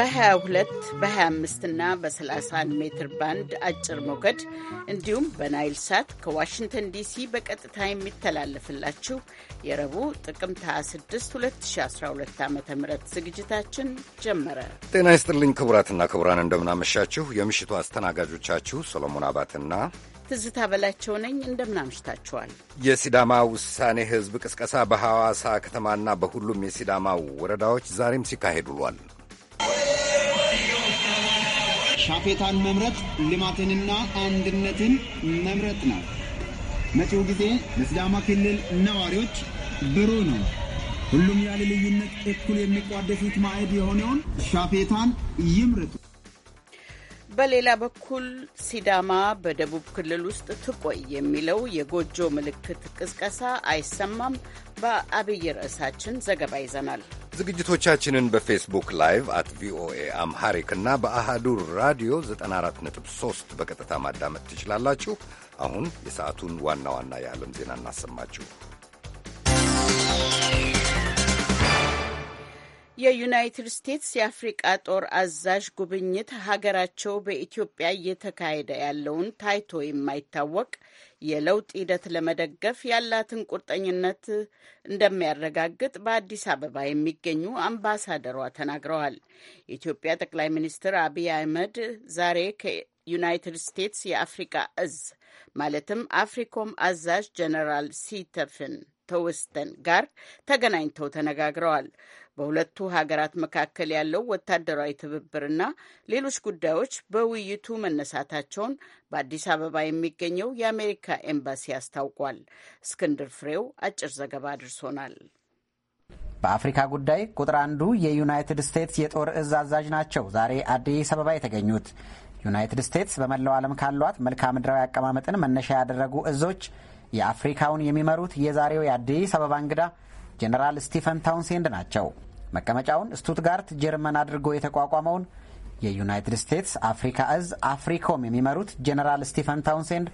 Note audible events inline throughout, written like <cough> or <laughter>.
በ22 በ25 እና በ31 ሜትር ባንድ አጭር ሞገድ እንዲሁም በናይል ሳት ከዋሽንግተን ዲሲ በቀጥታ የሚተላለፍላችሁ የረቡዕ ጥቅምት 26 2012 ዓ ም ዝግጅታችን ጀመረ። ጤና ይስጥልኝ ክቡራትና ክቡራን፣ እንደምናመሻችሁ። የምሽቱ አስተናጋጆቻችሁ ሰሎሞን አባትና ትዝታ በላቸው ነኝ። እንደምናምሽታችኋል። የሲዳማ ውሳኔ ህዝብ ቅስቀሳ በሐዋሳ ከተማና በሁሉም የሲዳማ ወረዳዎች ዛሬም ሲካሄድ ውሏል። ሻፌታን መምረጥ ልማትንና አንድነትን መምረጥ ነው። መጪው ጊዜ ለሲዳማ ክልል ነዋሪዎች ብሩህ ነው። ሁሉም ያለ ልዩነት እኩል የሚቋደሱት ማዕድ የሆነውን ሻፌታን ይምረጡ። በሌላ በኩል ሲዳማ በደቡብ ክልል ውስጥ ትቆይ የሚለው የጎጆ ምልክት ቅስቀሳ አይሰማም። በአብይ ርዕሳችን ዘገባ ይዘናል። ዝግጅቶቻችንን በፌስቡክ ላይቭ አት ቪኦኤ አምሃሪክ እና በአሃዱ ራዲዮ 94.3 በቀጥታ ማዳመጥ ትችላላችሁ። አሁን የሰዓቱን ዋና ዋና የዓለም ዜና እናሰማችሁ። የዩናይትድ ስቴትስ የአፍሪቃ ጦር አዛዥ ጉብኝት ሀገራቸው በኢትዮጵያ እየተካሄደ ያለውን ታይቶ የማይታወቅ የለውጥ ሂደት ለመደገፍ ያላትን ቁርጠኝነት እንደሚያረጋግጥ በአዲስ አበባ የሚገኙ አምባሳደሯ ተናግረዋል። የኢትዮጵያ ጠቅላይ ሚኒስትር አብይ አህመድ ዛሬ ከዩናይትድ ስቴትስ የአፍሪካ እዝ ማለትም አፍሪኮም አዛዥ ጀነራል ሲተፍን ተውስተን ጋር ተገናኝተው ተነጋግረዋል። በሁለቱ ሀገራት መካከል ያለው ወታደራዊ ትብብርና ሌሎች ጉዳዮች በውይይቱ መነሳታቸውን በአዲስ አበባ የሚገኘው የአሜሪካ ኤምባሲ አስታውቋል። እስክንድር ፍሬው አጭር ዘገባ አድርሶናል። በአፍሪካ ጉዳይ ቁጥር አንዱ የዩናይትድ ስቴትስ የጦር እዝ አዛዥ ናቸው ዛሬ አዲስ አበባ የተገኙት። ዩናይትድ ስቴትስ በመላው ዓለም ካሏት መልክዓ ምድራዊ አቀማመጥን መነሻ ያደረጉ እዞች የአፍሪካውን የሚመሩት የዛሬው የአዲስ አበባ እንግዳ ጀነራል ስቲፈን ታውንሴንድ ናቸው። መቀመጫውን ስቱትጋርት ጀርመን አድርጎ የተቋቋመውን የዩናይትድ ስቴትስ አፍሪካ እዝ አፍሪኮም የሚመሩት ጄኔራል ስቲፈን ታውንሴንድ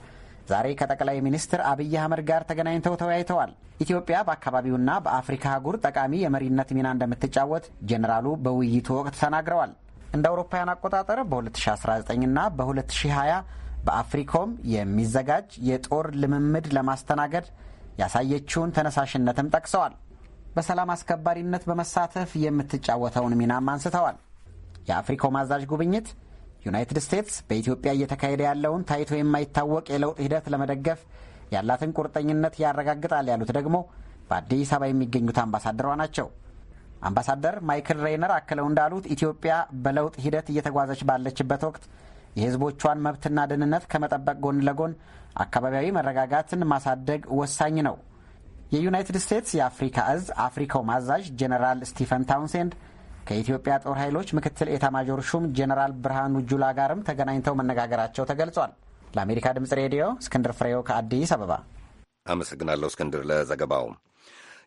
ዛሬ ከጠቅላይ ሚኒስትር አብይ አህመድ ጋር ተገናኝተው ተወያይተዋል። ኢትዮጵያ በአካባቢውና በአፍሪካ አህጉር ጠቃሚ የመሪነት ሚና እንደምትጫወት ጀኔራሉ በውይይቱ ወቅት ተናግረዋል። እንደ አውሮፓውያን አቆጣጠር በ2019 ና በ2020 በአፍሪኮም የሚዘጋጅ የጦር ልምምድ ለማስተናገድ ያሳየችውን ተነሳሽነትም ጠቅሰዋል። በሰላም አስከባሪነት በመሳተፍ የምትጫወተውን ሚናም አንስተዋል። የአፍሪኮም አዛዥ ጉብኝት ዩናይትድ ስቴትስ በኢትዮጵያ እየተካሄደ ያለውን ታይቶ የማይታወቅ የለውጥ ሂደት ለመደገፍ ያላትን ቁርጠኝነት ያረጋግጣል ያሉት ደግሞ በአዲስ አበባ የሚገኙት አምባሳደሯ ናቸው። አምባሳደር ማይክል ሬይነር አክለው እንዳሉት ኢትዮጵያ በለውጥ ሂደት እየተጓዘች ባለችበት ወቅት የሕዝቦቿን መብትና ደህንነት ከመጠበቅ ጎን ለጎን አካባቢያዊ መረጋጋትን ማሳደግ ወሳኝ ነው። የዩናይትድ ስቴትስ የአፍሪካ እዝ አፍሪካው ማዛዥ ጀኔራል ስቲፈን ታውንሴንድ ከኢትዮጵያ ጦር ኃይሎች ምክትል ኤታማዦር ሹም ጀኔራል ብርሃኑ ጁላ ጋርም ተገናኝተው መነጋገራቸው ተገልጿል። ለአሜሪካ ድምፅ ሬዲዮ እስክንድር ፍሬው ከአዲስ አበባ አመሰግናለሁ። እስክንድር ለዘገባው።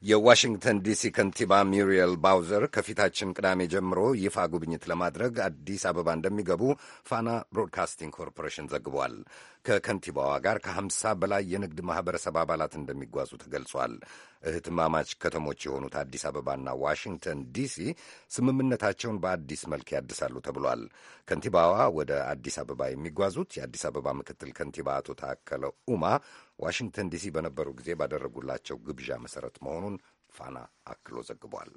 የዋሽንግተን ዲሲ ከንቲባ ሚሪየል ባውዘር ከፊታችን ቅዳሜ ጀምሮ ይፋ ጉብኝት ለማድረግ አዲስ አበባ እንደሚገቡ ፋና ብሮድካስቲንግ ኮርፖሬሽን ዘግቧል። ከከንቲባዋ ጋር ከ50 በላይ የንግድ ማኅበረሰብ አባላት እንደሚጓዙ ተገልጿል። እህትማማች ከተሞች የሆኑት አዲስ አበባና ዋሽንግተን ዲሲ ስምምነታቸውን በአዲስ መልክ ያድሳሉ ተብሏል። ከንቲባዋ ወደ አዲስ አበባ የሚጓዙት የአዲስ አበባ ምክትል ከንቲባ አቶ ታከለ ኡማ ዋሽንግተን ዲሲ በነበሩ ጊዜ ባደረጉላቸው ግብዣ መሰረት መሆኑን ፋና አክሎ ዘግቧል።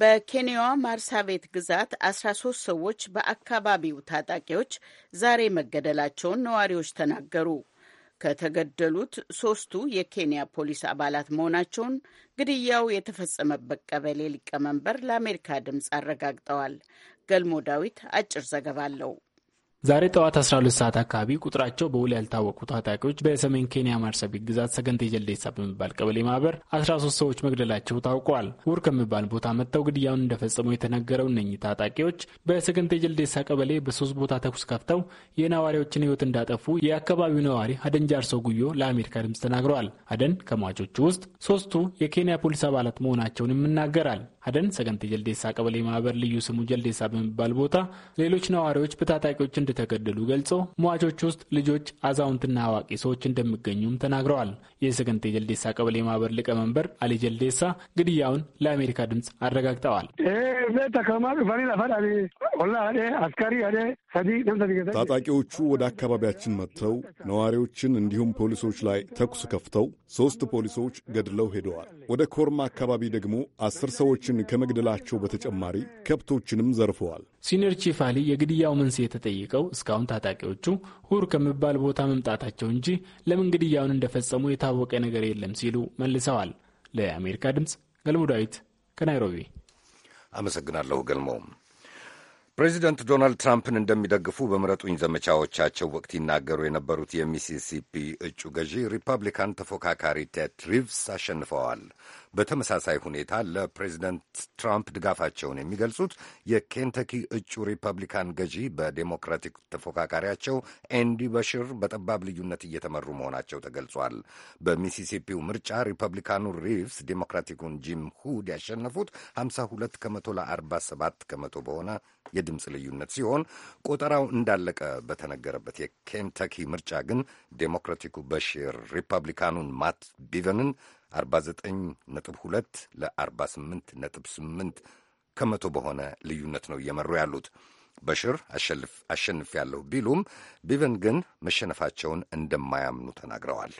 በኬንያዋ ማርሳቤት ግዛት 13 ሰዎች በአካባቢው ታጣቂዎች ዛሬ መገደላቸውን ነዋሪዎች ተናገሩ። ከተገደሉት ሶስቱ የኬንያ ፖሊስ አባላት መሆናቸውን ግድያው የተፈጸመበት ቀበሌ ሊቀመንበር ለአሜሪካ ድምፅ አረጋግጠዋል። ገልሞ ዳዊት አጭር ዘገባ አለው። ዛሬ ጠዋት 12 ሰዓት አካባቢ ቁጥራቸው በውል ያልታወቁ ታጣቂዎች በሰሜን ኬንያ ማርሰቢት ግዛት ሰገንቴ ጀልዴሳ በሚባል ቀበሌ ማህበር 13 ሰዎች መግደላቸው ታውቋል። ውር ከሚባል ቦታ መጥተው ግድያውን እንደፈጸሙ የተነገረው እነኚህ ታጣቂዎች በሰገንቴ ጀልዴሳ ቀበሌ በሶስት ቦታ ተኩስ ከፍተው የነዋሪዎችን ህይወት እንዳጠፉ የአካባቢው ነዋሪ አደን ጃርሶ ጉዮ ለአሜሪካ ድምፅ ተናግረዋል። አደን ከሟቾቹ ውስጥ ሶስቱ የኬንያ ፖሊስ አባላት መሆናቸውን ይናገራል። አደን ሰገንቴ ጀልዴሳ ቀበሌ ማህበር ልዩ ስሙ ጀልዴሳ በሚባል ቦታ ሌሎች ነዋሪዎች በታጣቂዎች እንደተገደሉ ገልጾ ሟቾች ውስጥ ልጆች፣ አዛውንትና አዋቂ ሰዎች እንደሚገኙም ተናግረዋል። የሰገንቴ ጀልዴሳ ቀበሌ ማህበር ሊቀመንበር አሊ ጀልዴሳ ግድያውን ለአሜሪካ ድምፅ አረጋግጠዋል። ታጣቂዎቹ ወደ አካባቢያችን መጥተው ነዋሪዎችን እንዲሁም ፖሊሶች ላይ ተኩስ ከፍተው ሶስት ፖሊሶች ገድለው ሄደዋል። ወደ ኮርማ አካባቢ ደግሞ አስር ሰዎችን ከመግደላቸው በተጨማሪ ከብቶችንም ዘርፈዋል። ሲኒየር ቺፍ አሊ የግድያው መንስኤ የተጠየቀው እስካሁን ታጣቂዎቹ ሁር ከሚባል ቦታ መምጣታቸው እንጂ ለምን ግድያውን እንደፈጸሙ የታወቀ ነገር የለም ሲሉ መልሰዋል። ለአሜሪካ ድምፅ ገልሞ ዳዊት ከናይሮቢ አመሰግናለሁ። ገልሞ ፕሬዚደንት ዶናልድ ትራምፕን እንደሚደግፉ በምረጡኝ ዘመቻዎቻቸው ወቅት ይናገሩ የነበሩት የሚሲሲፒ እጩ ገዢ ሪፐብሊካን ተፎካካሪ ቴድ ሪቭስ አሸንፈዋል። በተመሳሳይ ሁኔታ ለፕሬዚደንት ትራምፕ ድጋፋቸውን የሚገልጹት የኬንተኪ እጩ ሪፐብሊካን ገዢ በዴሞክራቲክ ተፎካካሪያቸው ኤንዲ በሽር በጠባብ ልዩነት እየተመሩ መሆናቸው ተገልጿል። በሚሲሲፒው ምርጫ ሪፐብሊካኑ ሪቭስ ዴሞክራቲኩን ጂም ሁድ ያሸነፉት 52 ከመቶ ለ47 ከመቶ በሆነ የድምፅ ልዩነት ሲሆን ቆጠራው እንዳለቀ በተነገረበት የኬንተኪ ምርጫ ግን ዴሞክራቲኩ በሽር ሪፐብሊካኑን ማት ቢቨንን 49.2 ለ48.8 ከመቶ በሆነ ልዩነት ነው እየመሩ ያሉት። በሽር ያለው ቢሉም ቢቨን ግን መሸነፋቸውን እንደማያምኑ ተናግረዋል።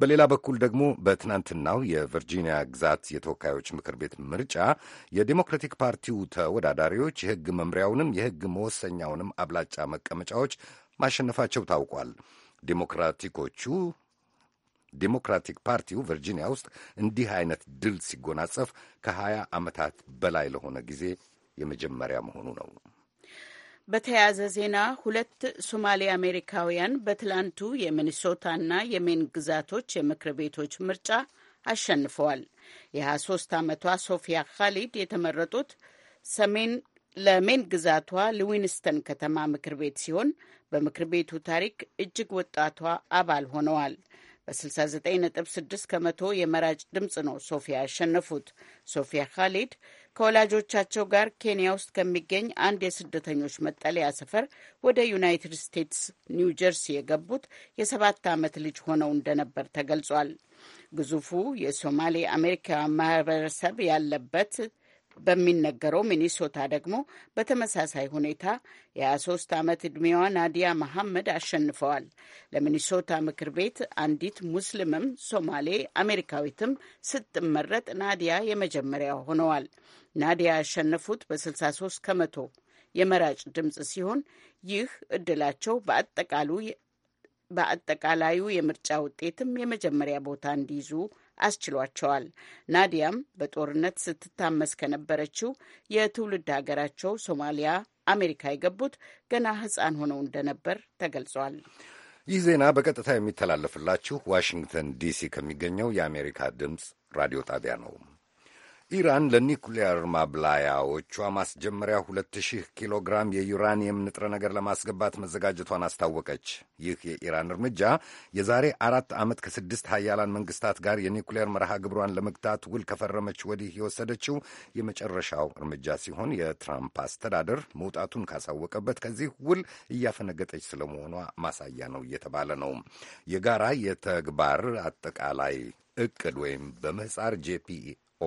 በሌላ በኩል ደግሞ በትናንትናው የቨርጂኒያ ግዛት የተወካዮች ምክር ቤት ምርጫ የዴሞክራቲክ ፓርቲው ተወዳዳሪዎች የሕግ መምሪያውንም የሕግ መወሰኛውንም አብላጫ መቀመጫዎች ማሸነፋቸው ታውቋል። ዴሞክራቲኮቹ ዴሞክራቲክ ፓርቲው ቨርጂኒያ ውስጥ እንዲህ አይነት ድል ሲጎናጸፍ ከሀያ ዓመታት በላይ ለሆነ ጊዜ የመጀመሪያ መሆኑ ነው። በተያያዘ ዜና ሁለት ሶማሌ አሜሪካውያን በትላንቱ የሚኒሶታና የሜን ግዛቶች የምክር ቤቶች ምርጫ አሸንፈዋል። የ23 ዓመቷ ሶፊያ ካሊድ የተመረጡት ሰሜን ለሜን ግዛቷ ልዊንስተን ከተማ ምክር ቤት ሲሆን በምክር ቤቱ ታሪክ እጅግ ወጣቷ አባል ሆነዋል። በ69.6 ከመቶ የመራጭ ድምፅ ነው ሶፊያ ያሸነፉት። ሶፊያ ካሊድ ከወላጆቻቸው ጋር ኬንያ ውስጥ ከሚገኝ አንድ የስደተኞች መጠለያ ሰፈር ወደ ዩናይትድ ስቴትስ ኒው ጀርሲ የገቡት የሰባት ዓመት ልጅ ሆነው እንደነበር ተገልጿል። ግዙፉ የሶማሌ አሜሪካ ማህበረሰብ ያለበት በሚነገረው ሚኒሶታ ደግሞ በተመሳሳይ ሁኔታ የ23 ዓመት ዕድሜዋ ናዲያ መሐመድ አሸንፈዋል። ለሚኒሶታ ምክር ቤት አንዲት ሙስሊምም ሶማሌ አሜሪካዊትም ስትመረጥ ናዲያ የመጀመሪያ ሆነዋል። ናዲያ ያሸነፉት በ63 ከመቶ የመራጭ ድምፅ ሲሆን ይህ እድላቸው በአጠቃላዩ የምርጫ ውጤትም የመጀመሪያ ቦታ እንዲይዙ አስችሏቸዋል። ናዲያም በጦርነት ስትታመስ ከነበረችው የትውልድ ሀገራቸው ሶማሊያ አሜሪካ የገቡት ገና ሕፃን ሆነው እንደነበር ተገልጿል። ይህ ዜና በቀጥታ የሚተላለፍላችሁ ዋሽንግተን ዲሲ ከሚገኘው የአሜሪካ ድምፅ ራዲዮ ጣቢያ ነው። ኢራን ለኒኩሊየር ማብላያዎቿ ማስጀመሪያ 2000 ኪሎ ግራም የዩራኒየም ንጥረ ነገር ለማስገባት መዘጋጀቷን አስታወቀች። ይህ የኢራን እርምጃ የዛሬ አራት ዓመት ከስድስት ሀያላን መንግስታት ጋር የኒኩሊየር መርሃ ግብሯን ለመግታት ውል ከፈረመች ወዲህ የወሰደችው የመጨረሻው እርምጃ ሲሆን የትራምፕ አስተዳደር መውጣቱን ካሳወቀበት ከዚህ ውል እያፈነገጠች ስለመሆኗ ማሳያ ነው እየተባለ ነው። የጋራ የተግባር አጠቃላይ እቅድ ወይም በምህጻር ጄፒ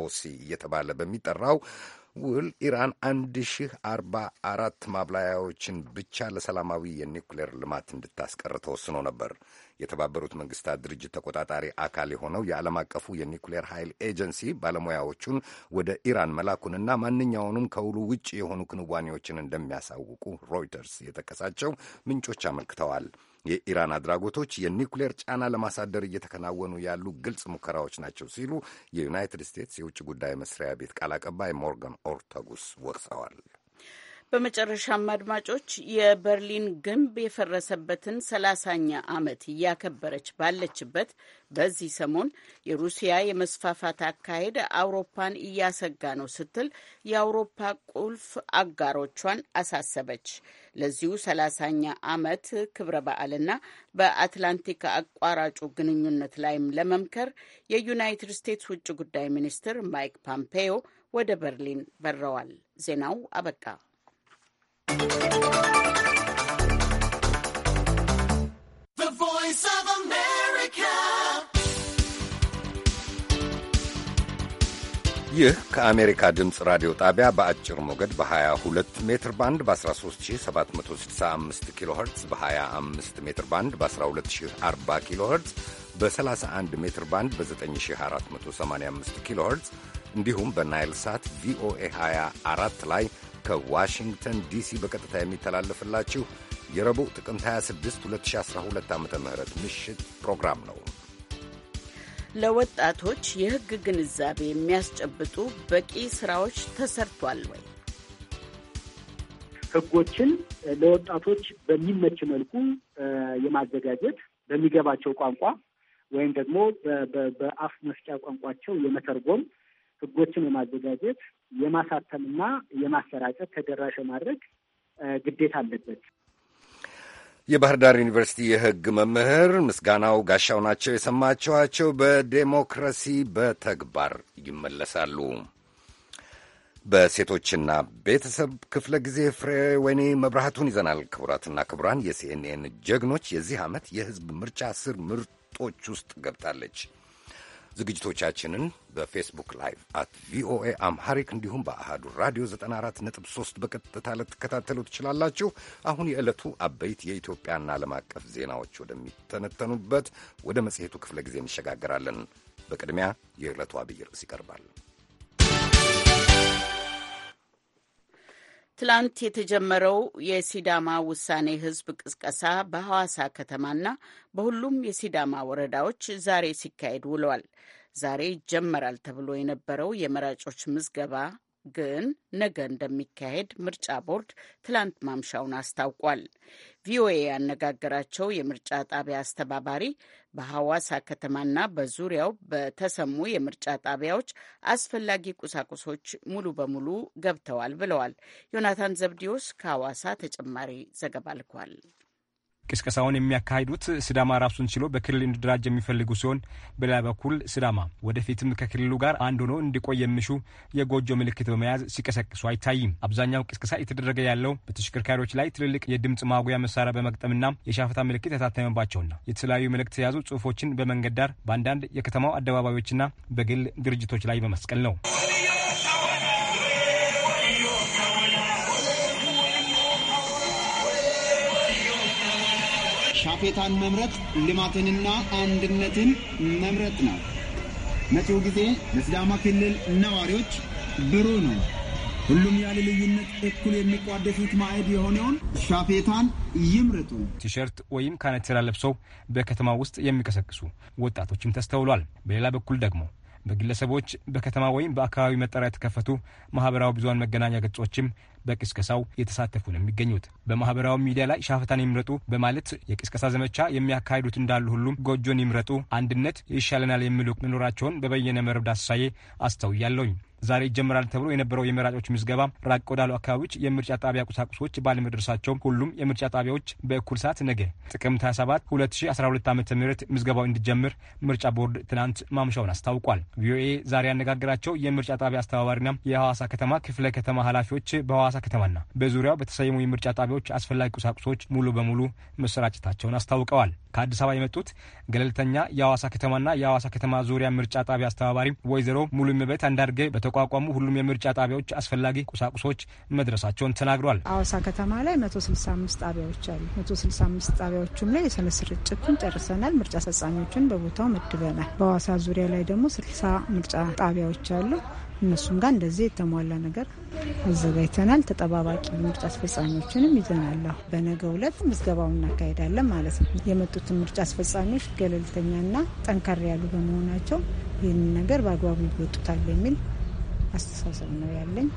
ኦሲ እየተባለ በሚጠራው ውል ኢራን አንድ ሺህ አራት ማብላያዎችን ብቻ ለሰላማዊ የኒውክሌር ልማት እንድታስቀር ተወስኖ ነበር። የተባበሩት መንግስታት ድርጅት ተቆጣጣሪ አካል የሆነው የዓለም አቀፉ የኒውክሌር ኃይል ኤጀንሲ ባለሙያዎቹን ወደ ኢራን መላኩንና ማንኛውንም ከውሉ ውጭ የሆኑ ክንዋኔዎችን እንደሚያሳውቁ ሮይተርስ የጠቀሳቸው ምንጮች አመልክተዋል። የኢራን አድራጎቶች የኒውክሌር ጫና ለማሳደር እየተከናወኑ ያሉ ግልጽ ሙከራዎች ናቸው ሲሉ የዩናይትድ ስቴትስ የውጭ ጉዳይ መስሪያ ቤት ቃል አቀባይ ሞርጋን ኦርተጉስ ወቅሰዋል። በመጨረሻም አድማጮች የበርሊን ግንብ የፈረሰበትን ሰላሳኛ ዓመት እያከበረች ባለችበት በዚህ ሰሞን የሩሲያ የመስፋፋት አካሄድ አውሮፓን እያሰጋ ነው ስትል የአውሮፓ ቁልፍ አጋሮቿን አሳሰበች። ለዚሁ ሰላሳኛ ዓመት ክብረ በዓልና በአትላንቲክ አቋራጩ ግንኙነት ላይም ለመምከር የዩናይትድ ስቴትስ ውጭ ጉዳይ ሚኒስትር ማይክ ፖምፔዮ ወደ በርሊን በረዋል። ዜናው አበቃ። ይህ ከአሜሪካ ድምፅ ራዲዮ ጣቢያ በአጭር ሞገድ በ22 ሜትር ባንድ በ13765 ኪሎ ኸርትዝ በ25 ሜትር ባንድ በ1240 ኪሎ ኸርትዝ በ31 ሜትር ባንድ በ9485 ኪሎ ኸርትዝ እንዲሁም በናይል ሳት ቪኦኤ 24 ላይ ከዋሽንግተን ዲሲ በቀጥታ የሚተላለፍላችሁ የረቡዕ ጥቅምት 26 2012 ዓ ም ምሽት ፕሮግራም ነው። ለወጣቶች የሕግ ግንዛቤ የሚያስጨብጡ በቂ ስራዎች ተሰርቷል ወይ? ሕጎችን ለወጣቶች በሚመች መልኩ የማዘጋጀት በሚገባቸው ቋንቋ ወይም ደግሞ በአፍ መፍጫ ቋንቋቸው የመተርጎም ህጎችን የማዘጋጀት የማሳተምና የማሰራጨት ተደራሽ ማድረግ ግዴታ አለበት። የባህር ዳር ዩኒቨርሲቲ የህግ መምህር ምስጋናው ጋሻው ናቸው የሰማችኋቸው። በዴሞክራሲ በተግባር ይመለሳሉ። በሴቶችና ቤተሰብ ክፍለ ጊዜ ፍሬ ወይኔ መብራቱን ይዘናል። ክቡራትና ክቡራን፣ የሲኤንኤን ጀግኖች የዚህ ዓመት የህዝብ ምርጫ አስር ምርጦች ውስጥ ገብታለች። ዝግጅቶቻችንን በፌስቡክ ላይቭ አት ቪኦኤ አምሃሪክ እንዲሁም በአሃዱ ራዲዮ 94.3 በቀጥታ ልትከታተሉ ትችላላችሁ። አሁን የዕለቱ አበይት የኢትዮጵያና ዓለም አቀፍ ዜናዎች ወደሚተነተኑበት ወደ መጽሔቱ ክፍለ ጊዜ እንሸጋገራለን። በቅድሚያ የዕለቱ አብይ ርዕስ ይቀርባል። ትላንት የተጀመረው የሲዳማ ውሳኔ ህዝብ ቅስቀሳ በሐዋሳ ከተማና በሁሉም የሲዳማ ወረዳዎች ዛሬ ሲካሄድ ውለዋል። ዛሬ ይጀመራል ተብሎ የነበረው የመራጮች ምዝገባ ግን ነገ እንደሚካሄድ ምርጫ ቦርድ ትላንት ማምሻውን አስታውቋል። ቪኦኤ ያነጋገራቸው የምርጫ ጣቢያ አስተባባሪ በሐዋሳ ከተማና በዙሪያው በተሰሙ የምርጫ ጣቢያዎች አስፈላጊ ቁሳቁሶች ሙሉ በሙሉ ገብተዋል ብለዋል። ዮናታን ዘብዲዮስ ከሐዋሳ ተጨማሪ ዘገባ ልኳል። ቅስቀሳውን የሚያካሂዱት ሲዳማ ራሱን ችሎ በክልል እንዲደራጅ የሚፈልጉ ሲሆን በሌላ በኩል ሲዳማ ወደፊትም ከክልሉ ጋር አንድ ሆኖ እንዲቆይ የሚሹ የጎጆ ምልክት በመያዝ ሲቀሰቅሱ አይታይም። አብዛኛው ቅስቀሳ የተደረገ ያለው በተሽከርካሪዎች ላይ ትልልቅ የድምፅ ማጉያ መሳሪያ በመቅጠምና የሻፈታ ምልክት ያታተመባቸውና የተለያዩ መልእክት የያዙ ጽሁፎችን በመንገድ ዳር፣ በአንዳንድ የከተማው አደባባዮችና በግል ድርጅቶች ላይ በመስቀል ነው። ሻፌታን መምረጥ ልማትንና አንድነትን መምረጥ ነው። መጪው ጊዜ ለሲዳማ ክልል ነዋሪዎች ብሩህ ነው። ሁሉም ያለ ልዩነት እኩል የሚቋደሱት ማዕድ የሆነውን ሻፌታን ይምረጡ። ቲሸርት ወይም ካነቴራ ለብሰው በከተማ ውስጥ የሚቀሰቅሱ ወጣቶችም ተስተውሏል። በሌላ በኩል ደግሞ በግለሰቦች በከተማ ወይም በአካባቢ መጠሪያ የተከፈቱ ማህበራዊ ብዙሀን መገናኛ ገጾችም በቅስቀሳው የተሳተፉ ነው የሚገኙት። በማህበራዊ ሚዲያ ላይ ሻፈታን ይምረጡ በማለት የቅስቀሳ ዘመቻ የሚያካሂዱት እንዳሉ ሁሉም ጎጆን ይምረጡ፣ አንድነት ይሻለናል የሚሉ መኖራቸውን በበየነ መረብ ዳሳዬ አስተውያለሁኝ። ዛሬ ይጀምራል ተብሎ የነበረው የመራጮች ምዝገባ ራቅ ወዳሉ አካባቢዎች የምርጫ ጣቢያ ቁሳቁሶች ባለመድረሳቸው ሁሉም የምርጫ ጣቢያዎች በእኩል ሰዓት ነገ ጥቅምት 27 2012 ዓ ም ምዝገባው እንዲጀምር ምርጫ ቦርድ ትናንት ማምሻውን አስታውቋል። ቪኦኤ ዛሬ ያነጋገራቸው የምርጫ ጣቢያ አስተባባሪና የሐዋሳ ከተማ ክፍለ ከተማ ኃላፊዎች በሐዋሳ ከተማና በዙሪያው በተሰየሙ የምርጫ ጣቢያዎች አስፈላጊ ቁሳቁሶች ሙሉ በሙሉ መሰራጨታቸውን አስታውቀዋል። ከአዲስ አበባ የመጡት ገለልተኛ የሐዋሳ ከተማና የሐዋሳ ከተማ ዙሪያ ምርጫ ጣቢያ አስተባባሪ ወይዘሮ ሙሉ ምበት በተ የተቋቋሙ ሁሉም የምርጫ ጣቢያዎች አስፈላጊ ቁሳቁሶች መድረሳቸውን ተናግሯል። አዋሳ ከተማ ላይ 165 ጣቢያዎች አሉ። 165 ጣቢያዎቹም ላይ የሰነ ስርጭቱን ጨርሰናል። ምርጫ አስፈጻሚዎችን በቦታው መድበናል። በአዋሳ ዙሪያ ላይ ደግሞ 60 ምርጫ ጣቢያዎች አሉ። እነሱም ጋር እንደዚህ የተሟላ ነገር አዘጋጅተናል። ተጠባባቂ ምርጫ አስፈጻሚዎችንም ይዘናለሁ። በነገው ዕለት ምዝገባውን እናካሄዳለን ማለት ነው። የመጡትን ምርጫ አስፈጻሚዎች ገለልተኛና ጠንከር ያሉ በመሆናቸው ይህንን ነገር በአግባቡ ይወጡታል የሚል። አስተሳሰብ ነው ያለኝ።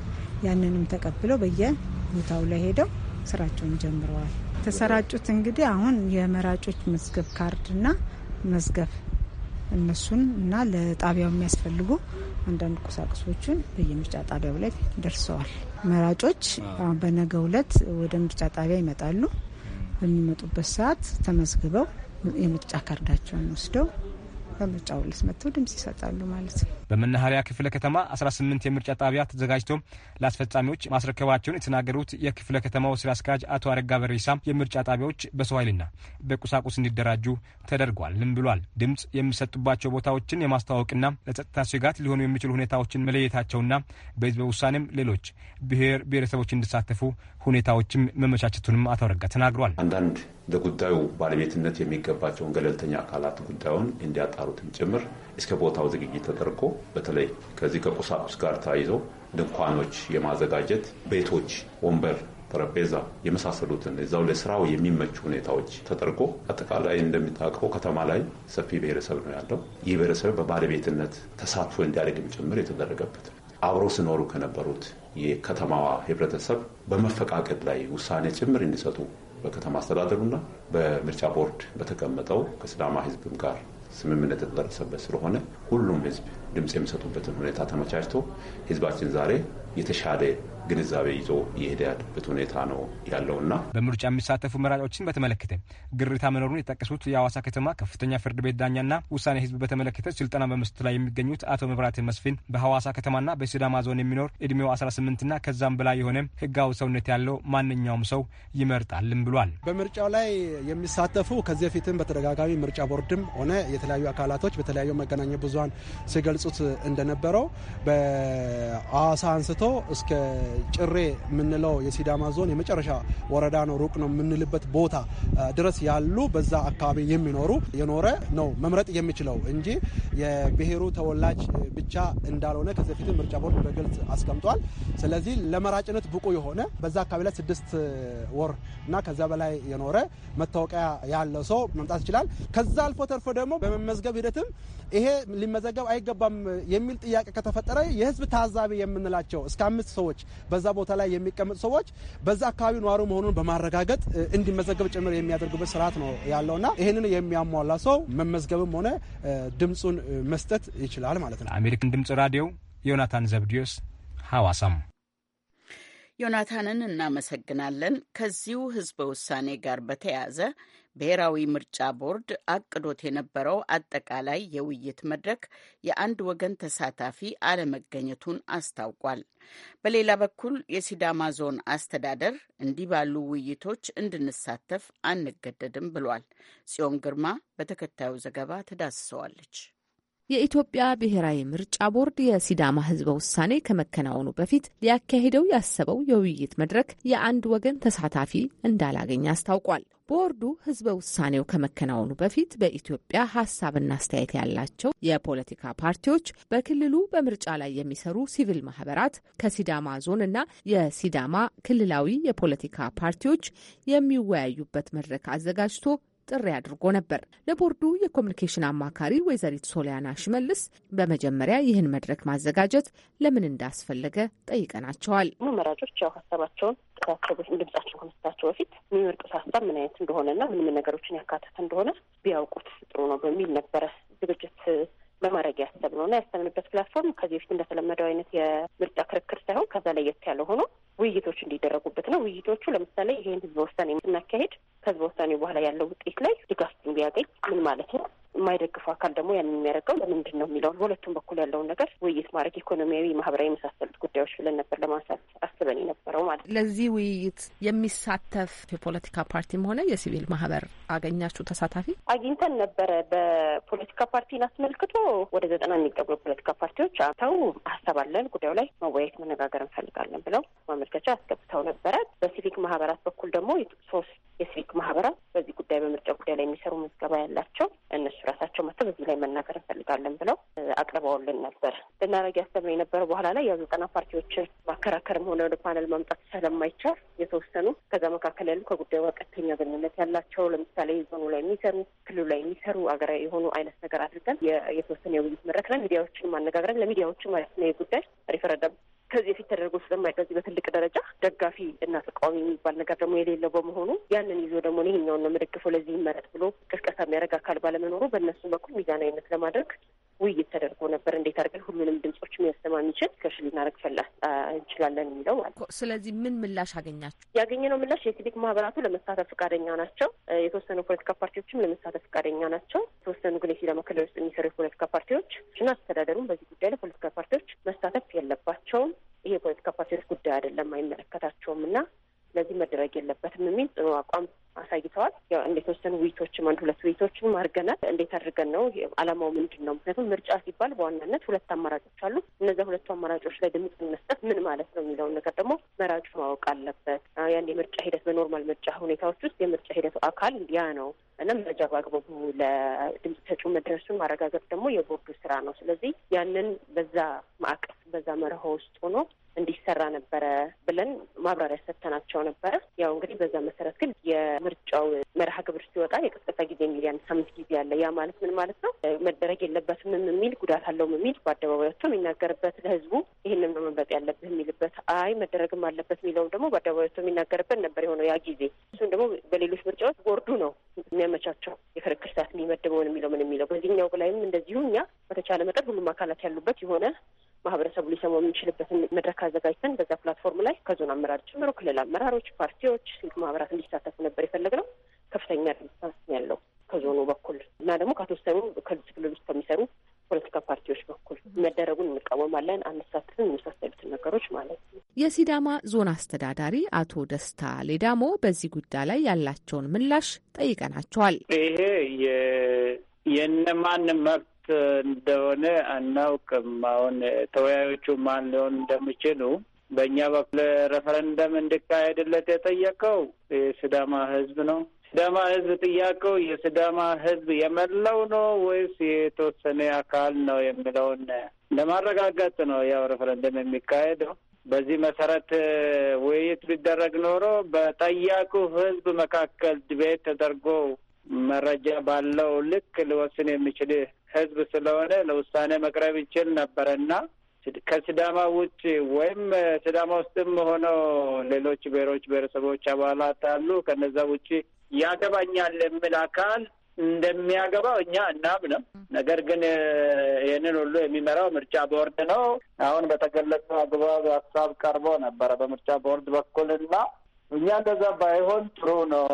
ያንንም ተቀብለው በየቦታው ላይ ሄደው ስራቸውን ጀምረዋል። የተሰራጩት እንግዲህ አሁን የመራጮች መዝገብ ካርድና መዝገብ እነሱን እና ለጣቢያው የሚያስፈልጉ አንዳንድ ቁሳቁሶችን በየምርጫ ጣቢያው ላይ ደርሰዋል። መራጮች በነገ ዕለት ወደ ምርጫ ጣቢያ ይመጣሉ። በሚመጡበት ሰዓት ተመዝግበው የምርጫ ካርዳቸውን ወስደው በምርጫ ዕለት መጥተው ድምጽ ይሰጣሉ ማለት ነው። በመናኸሪያ ክፍለ ከተማ 18 የምርጫ ጣቢያ ተዘጋጅቶ ለአስፈጻሚዎች ማስረከባቸውን የተናገሩት የክፍለ ከተማው ስራ አስኪያጅ አቶ አረጋ በሬሳ የምርጫ ጣቢያዎች በሰው ኃይልና በቁሳቁስ እንዲደራጁ ተደርጓልም ብሏል። ድምፅ የሚሰጡባቸው ቦታዎችን የማስተዋወቅና ለጸጥታ ስጋት ሊሆኑ የሚችሉ ሁኔታዎችን መለየታቸውና በህዝበ ውሳኔም ሌሎች ብሔር ብሔረሰቦች እንዲሳተፉ ሁኔታዎችም መመቻቸቱንም አቶ አረጋ ተናግሯል። አንዳንድ ለጉዳዩ ባለቤትነት የሚገባቸውን ገለልተኛ አካላት ጉዳዩን እንዲያጣሩትም ጭምር እስከ ቦታው ዝግጅት ተደርጎ በተለይ ከዚህ ከቁሳቁስ ጋር ተያይዞ ድንኳኖች የማዘጋጀት ቤቶች፣ ወንበር፣ ጠረጴዛ የመሳሰሉትን እዛው ለስራው የሚመቹ ሁኔታዎች ተደርጎ አጠቃላይ እንደሚታወቀው ከተማ ላይ ሰፊ ብሔረሰብ ነው ያለው። ይህ ብሔረሰብ በባለቤትነት ተሳትፎ እንዲያደርግም ጭምር የተደረገበት አብረው ሲኖሩ ከነበሩት የከተማዋ ህብረተሰብ በመፈቃቀድ ላይ ውሳኔ ጭምር እንዲሰጡ በከተማ አስተዳደሩና በምርጫ ቦርድ በተቀመጠው ከስዳማ ህዝብም ጋር ስምምነት የተደረሰበት ስለሆነ ሁሉም ህዝብ ድምፅ የሚሰጡበትን ሁኔታ ተመቻችቶ ህዝባችን ዛሬ የተሻለ ግንዛቤ ይዞ እየሄደ ያለበት ሁኔታ ነው ያለውና በምርጫ የሚሳተፉ መራጮችን በተመለከተ ግርታ መኖሩን የጠቀሱት የአዋሳ ከተማ ከፍተኛ ፍርድ ቤት ዳኛና ውሳኔ ህዝብ በተመለከተ ስልጠና በመስጠት ላይ የሚገኙት አቶ መብራት መስፍን በሐዋሳ ከተማና በሲዳማ ዞን የሚኖር እድሜው 18ና ከዛም በላይ የሆነ ህጋዊ ሰውነት ያለው ማንኛውም ሰው ይመርጣልም ብሏል። በምርጫው ላይ የሚሳተፉ ከዚህ በፊትም በተደጋጋሚ ምርጫ ቦርድም ሆነ የተለያዩ አካላቶች በተለያዩ መገናኛ ብዙሀን ሲገልጹት እንደነበረው በአዋሳ አንስቶ እስከ ጭሬ የምንለው የሲዳማ ዞን የመጨረሻ ወረዳ ነው፣ ሩቅ ነው የምንልበት ቦታ ድረስ ያሉ በዛ አካባቢ የሚኖሩ የኖረ ነው መምረጥ የሚችለው እንጂ የብሔሩ ተወላጅ ብቻ እንዳልሆነ ከዚህ በፊት ምርጫ ቦርድ በግልጽ አስቀምጧል። ስለዚህ ለመራጭነት ብቁ የሆነ በዛ አካባቢ ላይ ስድስት ወር እና ከዛ በላይ የኖረ መታወቂያ ያለው ሰው መምጣት ይችላል። ከዛ አልፎ ተርፎ ደግሞ በመመዝገብ ሂደትም ይሄ ሊመዘገብ አይገባም የሚል ጥያቄ ከተፈጠረ የህዝብ ታዛቢ የምንላቸው እስከ አምስት ሰዎች በዛ ቦታ ላይ የሚቀመጡ ሰዎች በዛ አካባቢ ነዋሪ መሆኑን በማረጋገጥ እንዲመዘገብ ጭምር የሚያደርጉበት ስርዓት ነው ያለውና ይህንን የሚያሟላ ሰው መመዝገብም ሆነ ድምፁን መስጠት ይችላል ማለት ነው። አሜሪካን ድምጽ ራዲዮ፣ ዮናታን ዘብዲዮስ ሐዋሳም። ዮናታንን እናመሰግናለን። ከዚሁ ህዝበ ውሳኔ ጋር በተያያዘ ብሔራዊ ምርጫ ቦርድ አቅዶት የነበረው አጠቃላይ የውይይት መድረክ የአንድ ወገን ተሳታፊ አለመገኘቱን አስታውቋል። በሌላ በኩል የሲዳማ ዞን አስተዳደር እንዲህ ባሉ ውይይቶች እንድንሳተፍ አንገደድም ብሏል። ጽዮን ግርማ በተከታዩ ዘገባ ተዳስሰዋለች። የኢትዮጵያ ብሔራዊ ምርጫ ቦርድ የሲዳማ ህዝበ ውሳኔ ከመከናወኑ በፊት ሊያካሂደው ያሰበው የውይይት መድረክ የአንድ ወገን ተሳታፊ እንዳላገኘ አስታውቋል። ቦርዱ ሕዝበ ውሳኔው ከመከናወኑ በፊት በኢትዮጵያ ሀሳብና አስተያየት ያላቸው የፖለቲካ ፓርቲዎች፣ በክልሉ በምርጫ ላይ የሚሰሩ ሲቪል ማህበራት፣ ከሲዳማ ዞን እና የሲዳማ ክልላዊ የፖለቲካ ፓርቲዎች የሚወያዩበት መድረክ አዘጋጅቶ ጥሪ አድርጎ ነበር። ለቦርዱ የኮሚኒኬሽን አማካሪ ወይዘሪት ሶሊያና ሽመልስ በመጀመሪያ ይህን መድረክ ማዘጋጀት ለምን እንዳስፈለገ ጠይቀናቸዋል። መራጮች ያው ሀሳባቸውን ድምጻቸው ከመስጠታቸው በፊት የሚመርጡት ሀሳብ ምን አይነት እንደሆነና ምን ምን ነገሮችን ያካተተ እንደሆነ ቢያውቁት ጥሩ ነው በሚል ነበረ ዝግጅት ለማድረግ ያሰብነው እና ያሰብንበት ፕላትፎርም ከዚህ በፊት እንደተለመደው አይነት የምርጫ ክርክር ሳይሆን ከዛ ለየት ያለ ሆኖ ውይይቶች እንዲደረጉበት ነው። ውይይቶቹ ለምሳሌ ይሄን ህዝበ ውሳኔ ስናካሄድ ከህዝበ ውሳኔ በኋላ ያለው ውጤት ላይ ድጋፍ ቢያገኝ ምን ማለት ነው፣ የማይደግፈው አካል ደግሞ ያን የሚያደርገው ለምንድን ነው የሚለውን በሁለቱም በኩል ያለውን ነገር ውይይት ማድረግ ኢኮኖሚያዊ፣ ማህበራዊ የመሳሰሉት ጉዳዮች ብለን ነበር ለማንሳት አስበን የነበረው ማለት ነው። ለዚህ ውይይት የሚሳተፍ የፖለቲካ ፓርቲም ሆነ የሲቪል ማህበር አገኛችሁ ተሳታፊ አግኝተን ነበረ። በፖለቲካ ፓርቲን አስመልክቶ ወደ ዘጠና የሚጠጉ የፖለቲካ ፓርቲዎች አተው አሰባለን ጉዳዩ ላይ መወያየት መነጋገር እንፈልጋለን ብለው ማመልከቻ አስገብተው ነበረ። በሲቪክ ማህበራት በኩል ደግሞ ሶስት የሲቪክ ማህበራት በዚህ ጉዳይ በምርጫ ጉዳይ ላይ የሚሰሩ ምዝገባ ያላቸው እነሱ ራሳቸው መጥተው በዚህ ላይ መናገር እንፈልጋለን ብለው አቅርበውልን ነበር። ልናረግ ያሰብነው የነበረው በኋላ ላይ ያው ዘጠና ፓርቲዎችን ማከራከርም ሆነ ወደ ፓነል ማምጣት ስለማይቻል የተወሰኑ ከዛ መካከል ያሉ ከጉዳዩ ቀጥተኛ ግንኙነት ያላቸው ለምሳሌ ዞኑ ላይ የሚሰሩ ክልሉ ላይ የሚሰሩ አገራዊ የሆኑ አይነት ነገር አድርገን የተወሰነ የውይይት መድረክ ላይ ሚዲያዎችን ማነጋግረን ለሚዲያዎችን ማለት ነው ጉዳይ ሪፈረንደም ከዚህ በፊት ተደርጎ ስለማይቀ በትልቅ ደረጃ ደጋፊ እና ተቃዋሚ የሚባል ነገር ደግሞ የሌለው በመሆኑ ያንን ይዞ ደግሞ ይህኛውን ነው የምደግፈው ለዚህ ይመረጥ ብሎ ቅስቀሳ የሚያደርግ አካል ባለመኖሩ በእነሱ በኩል ሚዛናዊነት ለማድረግ ውይይት ተደርጎ ነበር። እንዴት አድርገን ሁሉንም ድምጾች የሚያሰማ የሚችል ከሽ ልናደርግ ፈላ እንችላለን የሚለው ማለት ስለዚህ ምን ምላሽ አገኛችሁ? ያገኘነው ምላሽ የሲቪክ ማህበራቱ ለመሳተፍ ፈቃደኛ ናቸው። የተወሰኑ ፖለቲካ ፓርቲዎችም ለመሳተፍ ፈቃደኛ ናቸው። የተወሰኑ ግን የሲዳማ ክልል ውስጥ የሚሰሩ የፖለቲካ ፓርቲዎች እና አስተዳደሩም በዚህ ጉዳይ ላይ ፖለቲካ ፓርቲዎች መሳተፍ የለባቸውም፣ ይሄ የፖለቲካ ፓርቲዎች ጉዳይ አይደለም፣ አይመለከታቸውም እና ስለዚህ መደረግ የለበትም የሚል ጽኑ አቋም አሳይተዋል። ያው እንዴት ወሰኑ ውይይቶችም አንድ ሁለት ውይይቶችም አድርገናል። እንዴት አድርገን ነው አላማው ምንድን ነው? ምክንያቱም ምርጫ ሲባል በዋናነት ሁለት አማራጮች አሉ። እነዚያ ሁለቱ አማራጮች ላይ ድምጽ መስጠት ምን ማለት ነው የሚለውን ነገር ደግሞ መራጩ ማወቅ አለበት። ያን የምርጫ ሂደት በኖርማል ምርጫ ሁኔታዎች ውስጥ የምርጫ ሂደቱ አካል ያ ነው እና መረጃ በአግባቡ ለድምጽ ሰጪ መድረሱን ማረጋገጥ ደግሞ የቦርዱ ስራ ነው። ስለዚህ ያንን በዛ ማዕቀፍ በዛ መርሆ ውስጥ ሆኖ እንዲሰራ ነበረ ብለን ማብራሪያ ሰጥተናቸው ነበረ። ያው እንግዲህ በዛ መሰረት ግን ምርጫው መርሃ ግብር ሲወጣ የቅስቀሳ ጊዜ እንግዲህ አንድ ሳምንት ጊዜ አለ። ያ ማለት ምን ማለት ነው? መደረግ የለበትም የሚል ጉዳት አለውም የሚል በአደባባይ ወጥቶ የሚናገርበት ለህዝቡ ይህንን ነው መምረጥ ያለብህ የሚልበት፣ አይ መደረግም አለበት የሚለውም ደግሞ በአደባባይ ወጥቶ የሚናገርበት ነበር የሆነው ያ ጊዜ። እሱም ደግሞ በሌሎች ምርጫዎች ቦርዱ ነው የሚያመቻቸው የክርክር ሰዓት የሚመድበውን የሚለው ምን የሚለው በዚህኛው ላይም እንደዚሁ እኛ በተቻለ መጠን ሁሉም አካላት ያሉበት የሆነ ማህበረሰቡ ሊሰማው የሚችልበትን መድረክ አዘጋጅተን በዛ ፕላትፎርም ላይ ከዞን አመራር ጀምሮ ክልል አመራሮች፣ ፓርቲዎች፣ ስልክ ማህበራት እንዲሳተፉ ነበር የፈለግነው። ከፍተኛ ሪስፖንስ ያለው ከዞኑ በኩል እና ደግሞ ከተወሰኑ ከዚህ ክልል ውስጥ ከሚሰሩ ፖለቲካ ፓርቲዎች በኩል መደረጉን እንቃወማለን፣ አንሳተፍም የመሳሰሉትን ነገሮች ማለት ነው። የሲዳማ ዞን አስተዳዳሪ አቶ ደስታ ሌዳሞ በዚህ ጉዳይ ላይ ያላቸውን ምላሽ ጠይቀናቸዋል። ይሄ የእነማን መብት እንደሆነ አናውቅም። አሁን ተወያዮቹ ማን ሊሆን እንደሚችሉ በእኛ በኩል ሬፈረንደም እንዲካሄድለት የጠየቀው የሲዳማ ህዝብ ነው። ሲዳማ ህዝብ ጥያቄው የሲዳማ ህዝብ የመላው ነው ወይስ የተወሰነ አካል ነው የሚለውን ለማረጋገጥ ነው ያው ሬፈረንደም የሚካሄደው። በዚህ መሰረት ውይይት ቢደረግ ኖሮ በጠያቁ ህዝብ መካከል ድቤት ተደርጎ መረጃ ባለው ልክ ልወስን የሚችል ህዝብ ስለሆነ ለውሳኔ መቅረብ ይችል ነበረና ከሲዳማ ውጭ ወይም ሲዳማ ውስጥም ሆነው ሌሎች ብሔሮች ብሔረሰቦች አባላት አሉ። ከነዛ ውጭ ያገባኛል የሚል አካል እንደሚያገባው እኛ እናምንም። ነገር ግን ይህንን ሁሉ የሚመራው ምርጫ ቦርድ ነው። አሁን በተገለጸው አግባብ ሀሳብ ቀርቦ ነበረ በምርጫ ቦርድ በኩልና እኛ እንደዛ ባይሆን ጥሩ ነው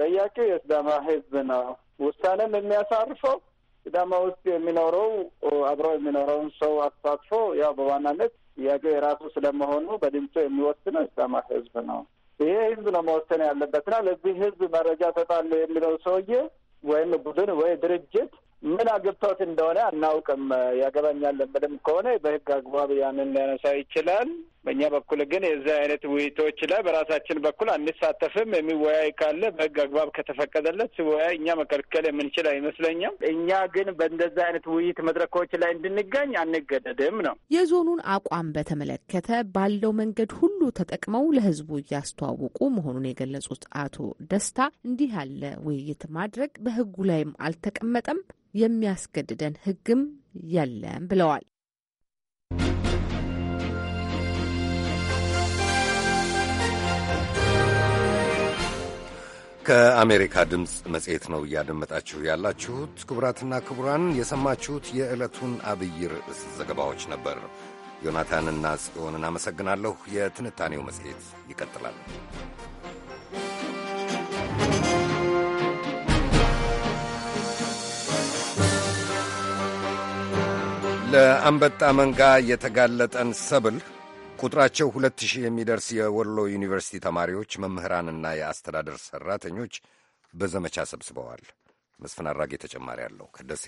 ጠያቂው የስዳማ ህዝብ ነው። ውሳኔም የሚያሳርፈው ስዳማ ውስጥ የሚኖረው አብሮ የሚኖረውን ሰው አሳትፎ ያው በዋናነት ጥያቄው የራሱ ስለመሆኑ በድምፁ የሚወስነው የስዳማ ህዝብ ነው። ይሄ ህዝብ ነው መወሰን ያለበትና ለዚህ ህዝብ መረጃ እሰጣለሁ የሚለው ሰውዬ ወይም ቡድን ወይ ድርጅት ምን አግብቶት እንደሆነ አናውቅም። ያገባኛል ምንም ከሆነ በህግ አግባብ ያንን ሊያነሳ ይችላል። በእኛ በኩል ግን የዚህ አይነት ውይይቶች ላይ በራሳችን በኩል አንሳተፍም። የሚወያይ ካለ በህግ አግባብ ከተፈቀደለት ሲወያይ እኛ መከልከል የምንችል አይመስለኛም። እኛ ግን በእንደዚህ አይነት ውይይት መድረኮች ላይ እንድንገኝ አንገደድም ነው። የዞኑን አቋም በተመለከተ ባለው መንገድ ሁሉ ተጠቅመው ለህዝቡ እያስተዋወቁ መሆኑን የገለጹት አቶ ደስታ እንዲህ ያለ ውይይት ማድረግ በህጉ ላይም አልተቀመጠም፣ የሚያስገድደን ህግም የለም ብለዋል። ከአሜሪካ ድምፅ መጽሔት ነው እያደመጣችሁ ያላችሁት። ክቡራትና ክቡራን የሰማችሁት የዕለቱን አብይ ርዕስ ዘገባዎች ነበር። ዮናታንና ጽዮንን አመሰግናለሁ። የትንታኔው መጽሔት ይቀጥላል። ለአንበጣ መንጋ የተጋለጠን ሰብል ቁጥራቸው ሁለት ሺህ የሚደርስ የወሎ ዩኒቨርሲቲ ተማሪዎች መምህራንና የአስተዳደር ሠራተኞች በዘመቻ ሰብስበዋል። መስፍን አራጌ ተጨማሪ አለው ከደሴ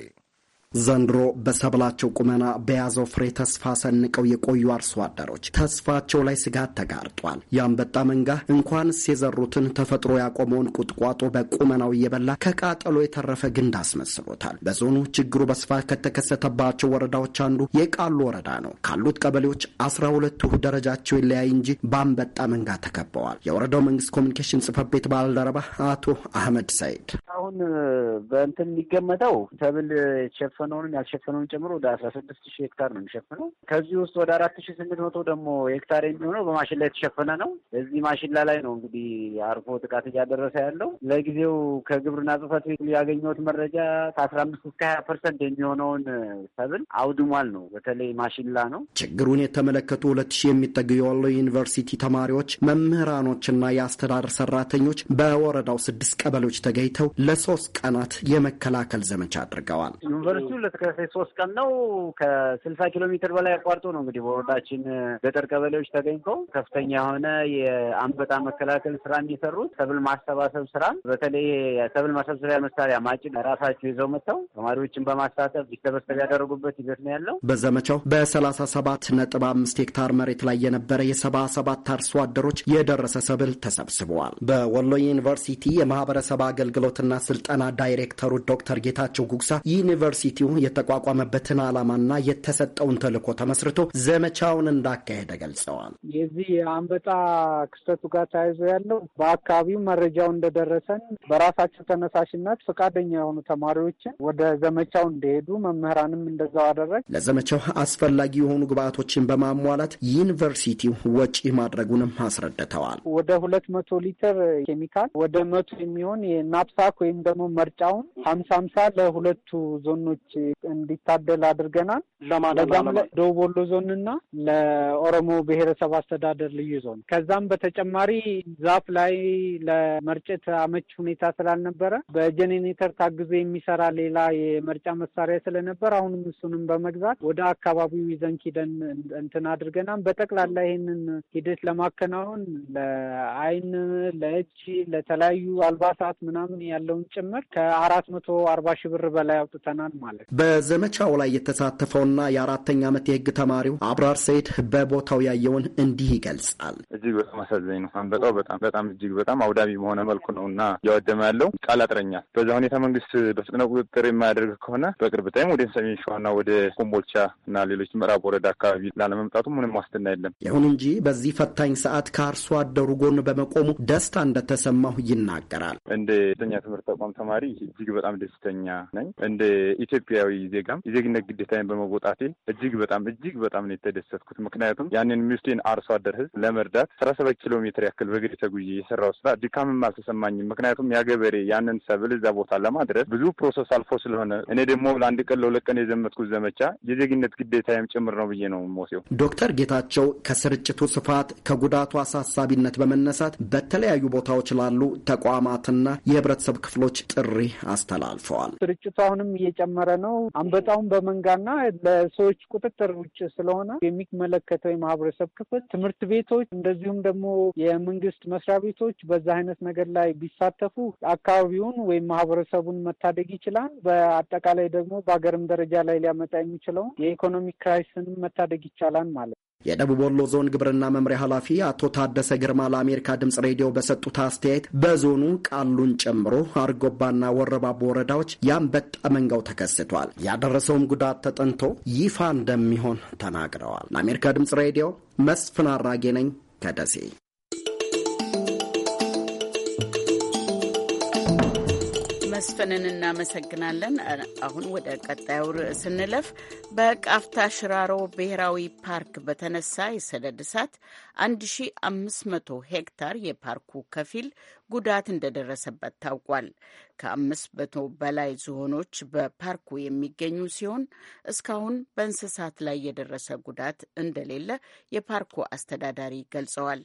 ዘንድሮ በሰብላቸው ቁመና በያዘው ፍሬ ተስፋ ሰንቀው የቆዩ አርሶ አደሮች ተስፋቸው ላይ ስጋት ተጋርጧል። የአንበጣ መንጋ እንኳንስ የዘሩትን ተፈጥሮ ያቆመውን ቁጥቋጦ በቁመናው እየበላ ከቃጠሎ የተረፈ ግንድ አስመስሎታል። በዞኑ ችግሩ በስፋት ከተከሰተባቸው ወረዳዎች አንዱ የቃሉ ወረዳ ነው። ካሉት ቀበሌዎች አስራ ሁለቱ ደረጃቸው ይለያይ እንጂ በአንበጣ መንጋ ተከበዋል። የወረዳው መንግስት ኮሚኒኬሽን ጽህፈት ቤት ባልደረባ አቶ አህመድ ሰይድ አሁን በእንትን የሚገመተው ሰብል የሸፈነውንም ያልሸፈነውን ጨምሮ ወደ አስራ ስድስት ሺህ ሄክታር ነው የሚሸፍነው። ከዚህ ውስጥ ወደ አራት ሺህ ስምንት መቶ ደግሞ ሄክታር የሚሆነው በማሽላ የተሸፈነ ነው። በዚህ ማሽላ ላይ ነው እንግዲህ አርፎ ጥቃት እያደረሰ ያለው። ለጊዜው ከግብርና ጽሕፈት ቤት ያገኘሁት መረጃ ከአስራ አምስት እስከ ሀያ ፐርሰንት የሚሆነውን ሰብል አውድሟል ነው። በተለይ ማሽላ ነው። ችግሩን የተመለከቱ ሁለት ሺህ የሚጠጉ የወሎ ዩኒቨርሲቲ ተማሪዎች፣ መምህራኖችና የአስተዳደር ሰራተኞች በወረዳው ስድስት ቀበሌዎች ተገኝተው ለሶስት ቀናት የመከላከል ዘመቻ አድርገዋል። ርቀቱ ለተከታታይ ሶስት ቀን ነው። ከስልሳ ኪሎ ሜትር በላይ አቋርጦ ነው እንግዲህ በወረዳችን ገጠር ቀበሌዎች ተገኝተው ከፍተኛ የሆነ የአንበጣ መከላከል ስራ የሚሰሩት ሰብል ማሰባሰብ ስራ፣ በተለይ ሰብል ማሰብሰቢያ መሳሪያ ማጭድ ራሳቸው ይዘው መጥተው ተማሪዎችን በማሳተፍ ሊሰበሰብ ያደረጉበት ሂደት ነው ያለው። በዘመቻው በሰላሳ ሰባት ነጥብ አምስት ሄክታር መሬት ላይ የነበረ የሰባ ሰባት አርሶ አደሮች የደረሰ ሰብል ተሰብስበዋል። በወሎ ዩኒቨርሲቲ የማህበረሰብ አገልግሎትና ስልጠና ዳይሬክተሩ ዶክተር ጌታቸው ጉግሳ ዩኒቨርሲቲ ኮሚቴው የተቋቋመበትን ዓላማና የተሰጠውን ተልዕኮ ተመስርቶ ዘመቻውን እንዳካሄደ ገልጸዋል። የዚህ የአንበጣ ክስተቱ ጋር ተያይዞ ያለው በአካባቢው መረጃው እንደደረሰን በራሳቸው ተነሳሽነት ፈቃደኛ የሆኑ ተማሪዎችን ወደ ዘመቻው እንደሄዱ መምህራንም እንደዛው አደረግ። ለዘመቻው አስፈላጊ የሆኑ ግብዓቶችን በማሟላት ዩኒቨርሲቲው ወጪ ማድረጉንም አስረድተዋል። ወደ ሁለት መቶ ሊትር ኬሚካል ወደ መቶ የሚሆን የናፕሳክ ወይም ደግሞ መርጫውን ሀምሳ ሀምሳ ለሁለቱ ዞኖች እንዲታደል አድርገናል። ለዛም ለደቡብ ወሎ ዞን እና ለኦሮሞ ብሔረሰብ አስተዳደር ልዩ ዞን። ከዛም በተጨማሪ ዛፍ ላይ ለመርጨት አመች ሁኔታ ስላልነበረ በጄኔሬተር ታግዞ የሚሰራ ሌላ የመርጫ መሳሪያ ስለነበር አሁንም እሱንም በመግዛት ወደ አካባቢው ይዘን ሂደን እንትን አድርገናል። በጠቅላላ ይህንን ሂደት ለማከናወን ለአይን፣ ለእጅ፣ ለተለያዩ አልባሳት ምናምን ያለውን ጭምር ከአራት መቶ አርባ ሺህ ብር በላይ አውጥተናል ማለት በዘመቻው ላይ የተሳተፈውና የአራተኛ ዓመት የህግ ተማሪው አብራር ሰይድ በቦታው ያየውን እንዲህ ይገልጻል። እጅግ በጣም አሳዛኝ ነው። አንበጣው በጣም በጣም እጅግ በጣም አውዳሚ በሆነ መልኩ ነው እና እያወደመ ያለው ቃል አጥረኛ በዛ ሁኔታ መንግስት በፍጥነ ቁጥጥር የማያደርግ ከሆነ በቅርብ ታይም ወደ ሰሜን ሸዋና ወደ ኮምቦልቻ እና ሌሎች ምዕራብ ወረዳ አካባቢ ላለመምጣቱ ምንም ዋስትና የለም። ይሁን እንጂ በዚህ ፈታኝ ሰዓት ከአርሶ አደሩ ጎን በመቆሙ ደስታ እንደተሰማሁ ይናገራል። እንደ ተኛ ትምህርት ተቋም ተማሪ እጅግ በጣም ደስተኛ ነኝ። እንደ ኢትዮጵያ ኢትዮጵያዊ ዜጋም የዜግነት ግዴታዬን በመወጣቴ እጅግ በጣም እጅግ በጣም ነው የተደሰትኩት። ምክንያቱም ያንን ሚስቴን አርሶ አደር ህዝብ ለመርዳት አስራ ሰባት ኪሎ ሜትር ያክል በእግሬ ተጉዬ የሰራው ስራ ድካምም አልተሰማኝም። ምክንያቱም ያገበሬ ያንን ሰብል እዛ ቦታ ለማድረስ ብዙ ፕሮሰስ አልፎ ስለሆነ እኔ ደግሞ ለአንድ ቀን ለሁለት ቀን የዘመትኩት ዘመቻ የዜግነት ግዴታዬም ጭምር ነው ብዬ ነው ሞሴው። ዶክተር ጌታቸው ከስርጭቱ ስፋት ከጉዳቱ አሳሳቢነት በመነሳት በተለያዩ ቦታዎች ላሉ ተቋማትና የህብረተሰብ ክፍሎች ጥሪ አስተላልፈዋል። ስርጭቱ አሁንም እየጨመረ ነው። አንበጣውን በመንጋና ለሰዎች ቁጥጥር ውጭ ስለሆነ የሚመለከተው የማህበረሰብ ክፍል ትምህርት ቤቶች፣ እንደዚሁም ደግሞ የመንግስት መስሪያ ቤቶች በዛ አይነት ነገር ላይ ቢሳተፉ አካባቢውን ወይም ማህበረሰቡን መታደግ ይችላል። በአጠቃላይ ደግሞ በሀገርም ደረጃ ላይ ሊያመጣ የሚችለውን የኢኮኖሚክ ክራይስንም መታደግ ይቻላል ማለት ነው። የደቡብ ወሎ ዞን ግብርና መምሪያ ኃላፊ አቶ ታደሰ ግርማ ለአሜሪካ ድምፅ ሬዲዮ በሰጡት አስተያየት በዞኑ ቃሉን ጨምሮ አርጎባና ወረባቦ ወረዳዎች የአንበጣ መንጋው ተከስቷል። ያደረሰውም ጉዳት ተጠንቶ ይፋ እንደሚሆን ተናግረዋል። ለአሜሪካ ድምጽ ሬዲዮ መስፍን አራጌ ነኝ ከደሴ መስፍንን እናመሰግናለን። አሁን ወደ ቀጣዩ ርዕስ ስንለፍ በቃፍታ ሽራሮ ብሔራዊ ፓርክ በተነሳ የሰደድ እሳት 1500 ሄክታር የፓርኩ ከፊል ጉዳት እንደደረሰበት ታውቋል። ከአምስት መቶ በላይ ዝሆኖች በፓርኩ የሚገኙ ሲሆን እስካሁን በእንስሳት ላይ የደረሰ ጉዳት እንደሌለ የፓርኩ አስተዳዳሪ ገልጸዋል።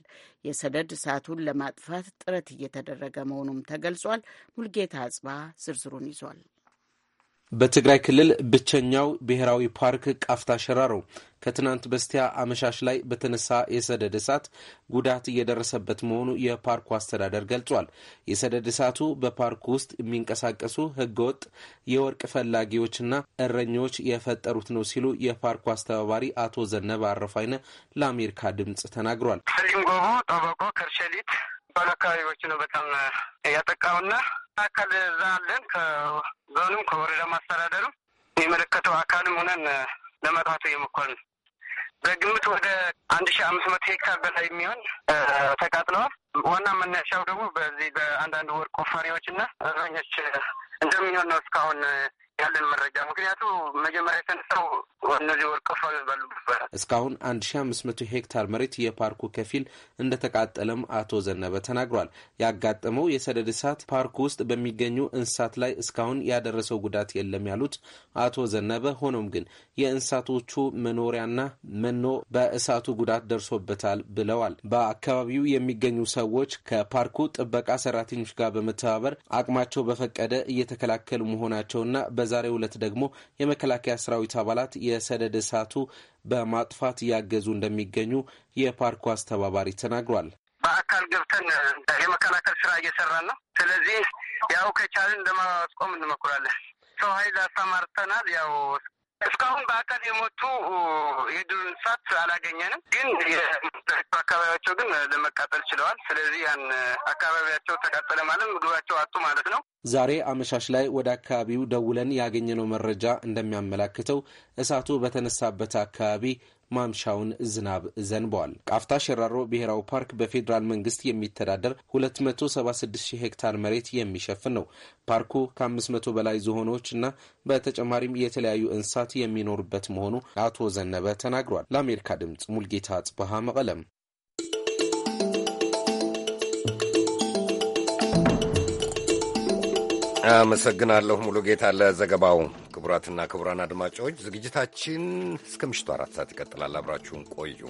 የሰደድ እሳቱን ለማጥፋት ጥረት እየተደረገ መሆኑም ተገልጿል። ሙልጌታ አጽባ ዝርዝሩን ይዟል። በትግራይ ክልል ብቸኛው ብሔራዊ ፓርክ ቃፍታ ሸራሮ ከትናንት በስቲያ አመሻሽ ላይ በተነሳ የሰደድ እሳት ጉዳት እየደረሰበት መሆኑ የፓርኩ አስተዳደር ገልጿል። የሰደድ እሳቱ በፓርኩ ውስጥ የሚንቀሳቀሱ ሕገወጥ የወርቅ ፈላጊዎችና እረኞች የፈጠሩት ነው ሲሉ የፓርኩ አስተባባሪ አቶ ዘነበ አረፋይነ ለአሜሪካ ድምጽ ተናግሯል። ሰሊም ጠበቆ ከርሸሊት ባሉ አካባቢዎች ነው በጣም ያጠቃውና አካል እዛ አለን ዞንም ከወረዳ ማስተዳደሩ የሚመለከተው አካልም ሆነን ለመጥፋቱ የሞከርን ነው። በግምት ወደ አንድ ሺ አምስት መቶ ሄክታር በላይ የሚሆን ተቃጥለዋል። ዋና መነሻው ደግሞ በዚህ በአንዳንድ ወር ቆፋሪዎች እና እረኞች እንደሚሆን ነው እስካሁን ያለን መረጃ ምክንያቱ መጀመሪያ የተነሳው እነዚህ ወርቀፋ ባሉበት እስካሁን አንድ ሺ አምስት መቶ ሄክታር መሬት የፓርኩ ከፊል እንደተቃጠለም አቶ ዘነበ ተናግሯል። ያጋጠመው የሰደድ እሳት ፓርኩ ውስጥ በሚገኙ እንስሳት ላይ እስካሁን ያደረሰው ጉዳት የለም ያሉት አቶ ዘነበ ሆኖም ግን የእንስሳቶቹ መኖሪያና መኖ በእሳቱ ጉዳት ደርሶበታል ብለዋል። በአካባቢው የሚገኙ ሰዎች ከፓርኩ ጥበቃ ሰራተኞች ጋር በመተባበር አቅማቸው በፈቀደ እየተከላከሉ መሆናቸውና በዛሬው ዕለት ደግሞ የመከላከያ ሰራዊት አባላት የሰደድ እሳቱ በማጥፋት እያገዙ እንደሚገኙ የፓርኩ አስተባባሪ ተናግሯል። በአካል ገብተን የመከላከል ስራ እየሰራን ነው። ስለዚህ ያው ከቻልን ለማስቆም እንሞክራለን። ሰው ኃይል አሰማርተናል። ያው እስካሁን በአካል የሞቱ የዱር እንስሳት አላገኘንም፣ ግን አካባቢያቸው ግን ለመቃጠል ችለዋል። ስለዚህ ያን አካባቢያቸው ተቃጠለ ማለት ምግባቸው አጡ ማለት ነው። ዛሬ አመሻሽ ላይ ወደ አካባቢው ደውለን ያገኘነው መረጃ እንደሚያመላክተው እሳቱ በተነሳበት አካባቢ ማምሻውን ዝናብ ዘንቧል። ቃፍታ ሸራሮ ብሔራዊ ፓርክ በፌዴራል መንግስት የሚተዳደር 276 ሄክታር መሬት የሚሸፍን ነው። ፓርኩ ከ500 በላይ ዝሆኖች እና በተጨማሪም የተለያዩ እንስሳት የሚኖሩበት መሆኑ አቶ ዘነበ ተናግሯል። ለአሜሪካ ድምፅ ሙልጌታ ጽብሃ መቀለም አመሰግናለሁ ሙሉ ጌታ ለዘገባው። ክቡራትና ክቡራን አድማጮች ዝግጅታችን እስከ ምሽቱ አራት ሰዓት ይቀጥላል። አብራችሁን ቆዩ።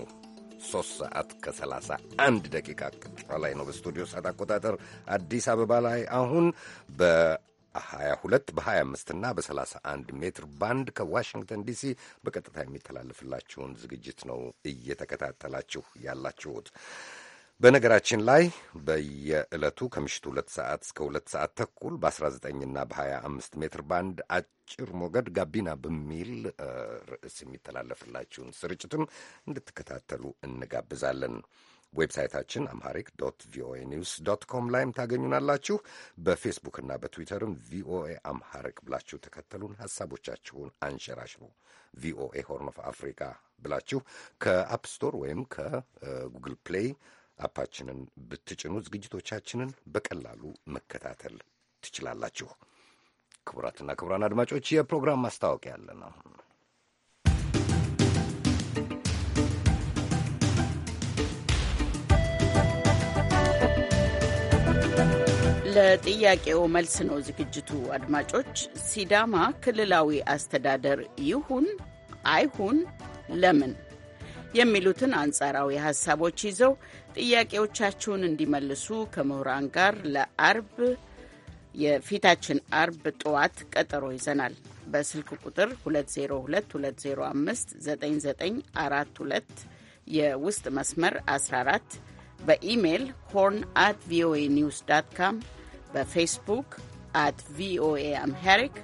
ሶስት ሰዓት ከሰላሳ አንድ ደቂቃ ላይ ነው በስቱዲዮ ሰዓት አቆጣጠር አዲስ አበባ ላይ አሁን በ 22 በ25 እና በ31 ሜትር ባንድ ከዋሽንግተን ዲሲ በቀጥታ የሚተላለፍላችሁን ዝግጅት ነው እየተከታተላችሁ ያላችሁት። በነገራችን ላይ በየዕለቱ ከምሽቱ ሁለት ሰዓት እስከ ሁለት ሰዓት ተኩል በ19ና በ25 ሜትር ባንድ አጭር ሞገድ ጋቢና በሚል ርዕስ የሚተላለፍላችሁን ስርጭትም እንድትከታተሉ እንጋብዛለን። ዌብሳይታችን አምሃሪክ ዶት ቪኦኤ ኒውስ ዶት ኮም ላይም ታገኙናላችሁ። በፌስቡክና በትዊተርም ቪኦኤ አምሃሪክ ብላችሁ ተከተሉን፣ ሀሳቦቻችሁን አንሸራሽሩ። ቪኦኤ ሆርን ኦፍ አፍሪካ ብላችሁ ከአፕስቶር ወይም ከጉግል ፕሌይ አፓችንን ብትጭኑ ዝግጅቶቻችንን በቀላሉ መከታተል ትችላላችሁ። ክቡራትና ክቡራን አድማጮች የፕሮግራም ማስታወቂያ ያለ አሁን ለጥያቄው መልስ ነው ዝግጅቱ። አድማጮች ሲዳማ ክልላዊ አስተዳደር ይሁን አይሁን ለምን የሚሉትን አንጻራዊ ሀሳቦች ይዘው ጥያቄዎቻችሁን እንዲመልሱ ከምሁራን ጋር ለአርብ የፊታችን አርብ ጠዋት ቀጠሮ ይዘናል። በስልክ ቁጥር 2022059942 የውስጥ መስመር 14 በኢሜይል ሆርን አት ቪኦኤ ኒውስ ዳት ካም በፌስቡክ አት ቪኦኤ አምሃሪክ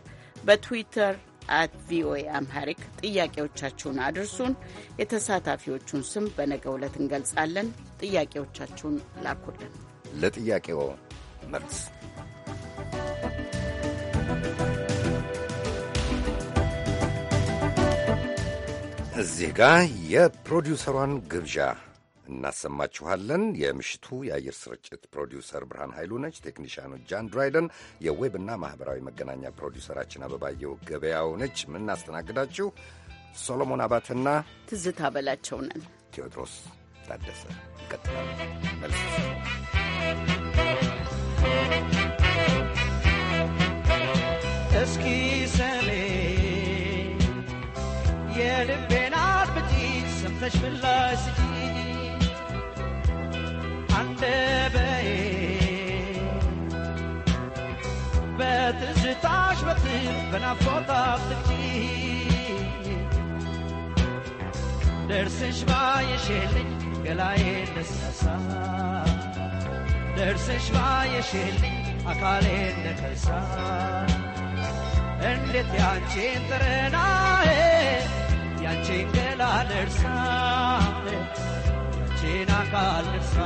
በትዊተር አት ቪኦኤ አምሃሪክ ጥያቄዎቻችሁን አድርሱን። የተሳታፊዎቹን ስም በነገ ዕለት እንገልጻለን። ጥያቄዎቻችሁን ላኩልን። ለጥያቄው መልስ እዚህ ጋር የፕሮዲውሰሯን ግብዣ እናሰማችኋለን። የምሽቱ የአየር ስርጭት ፕሮዲውሰር ብርሃን ኃይሉ ነች። ቴክኒሽያኑ ጃን ድራይደን፣ የዌብና ማኅበራዊ መገናኛ ፕሮዲውሰራችን አበባየው ገበያው ነች። የምናስተናግዳችሁ ሶሎሞን አባትና ትዝታ በላቸው ነን። ቴዎድሮስ ታደሰ ይቀጥላል። እስኪ ሰኔ የልቤን አድምጪ፣ ሰምተሽ ምላሽ ስጪ አንደበዬ በትዝታሽ በትር በናፍቆት አፍጥጪ ደርስሽ ባየሽ ገላዬ ነሳሳ ደርሰሽ ባየሽልኝ አካሌ እንደከሳ እንዴት ያንቺን ጥረናሄ ያንቺን ገላ ደርሳ ያንቺን አካል ደርሳ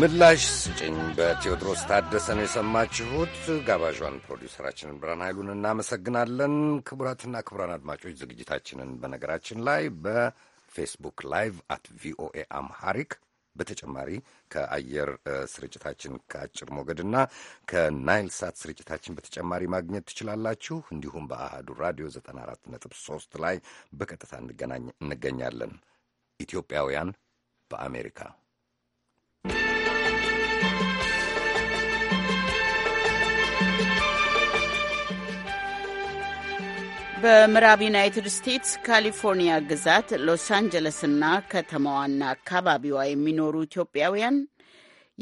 ምላሽ ስጭኝ በቴዎድሮስ ታደሰ ነው የሰማችሁት። ጋባዣን ፕሮዲውሰራችንን ብርሃን ኃይሉን እናመሰግናለን። ክቡራትና ክቡራን አድማጮች ዝግጅታችንን በነገራችን ላይ በፌስቡክ ላይቭ አት ቪኦኤ አምሃሪክ በተጨማሪ ከአየር ስርጭታችን ከአጭር ሞገድና ከናይል ሳት ስርጭታችን በተጨማሪ ማግኘት ትችላላችሁ። እንዲሁም በአሃዱ ራዲዮ 94.3 ላይ በቀጥታ እንገኛለን። ኢትዮጵያውያን በአሜሪካ በምዕራብ ዩናይትድ ስቴትስ ካሊፎርኒያ ግዛት ሎስ አንጀለስና ከተማዋና አካባቢዋ የሚኖሩ ኢትዮጵያውያን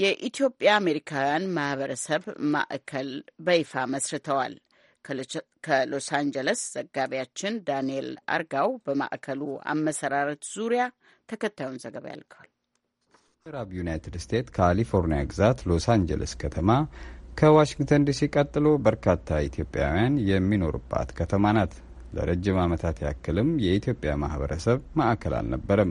የኢትዮጵያ አሜሪካውያን ማህበረሰብ ማዕከል በይፋ መስርተዋል። ከሎስ አንጀለስ ዘጋቢያችን ዳንኤል አርጋው በማዕከሉ አመሰራረት ዙሪያ ተከታዩን ዘገባ ያልከዋል። ምዕራብ ዩናይትድ ስቴትስ ካሊፎርኒያ ግዛት ሎስ አንጀለስ ከተማ ከዋሽንግተን ዲሲ ቀጥሎ በርካታ ኢትዮጵያውያን የሚኖሩባት ከተማ ናት። ለረጅም ዓመታት ያክልም የኢትዮጵያ ማህበረሰብ ማዕከል አልነበረም።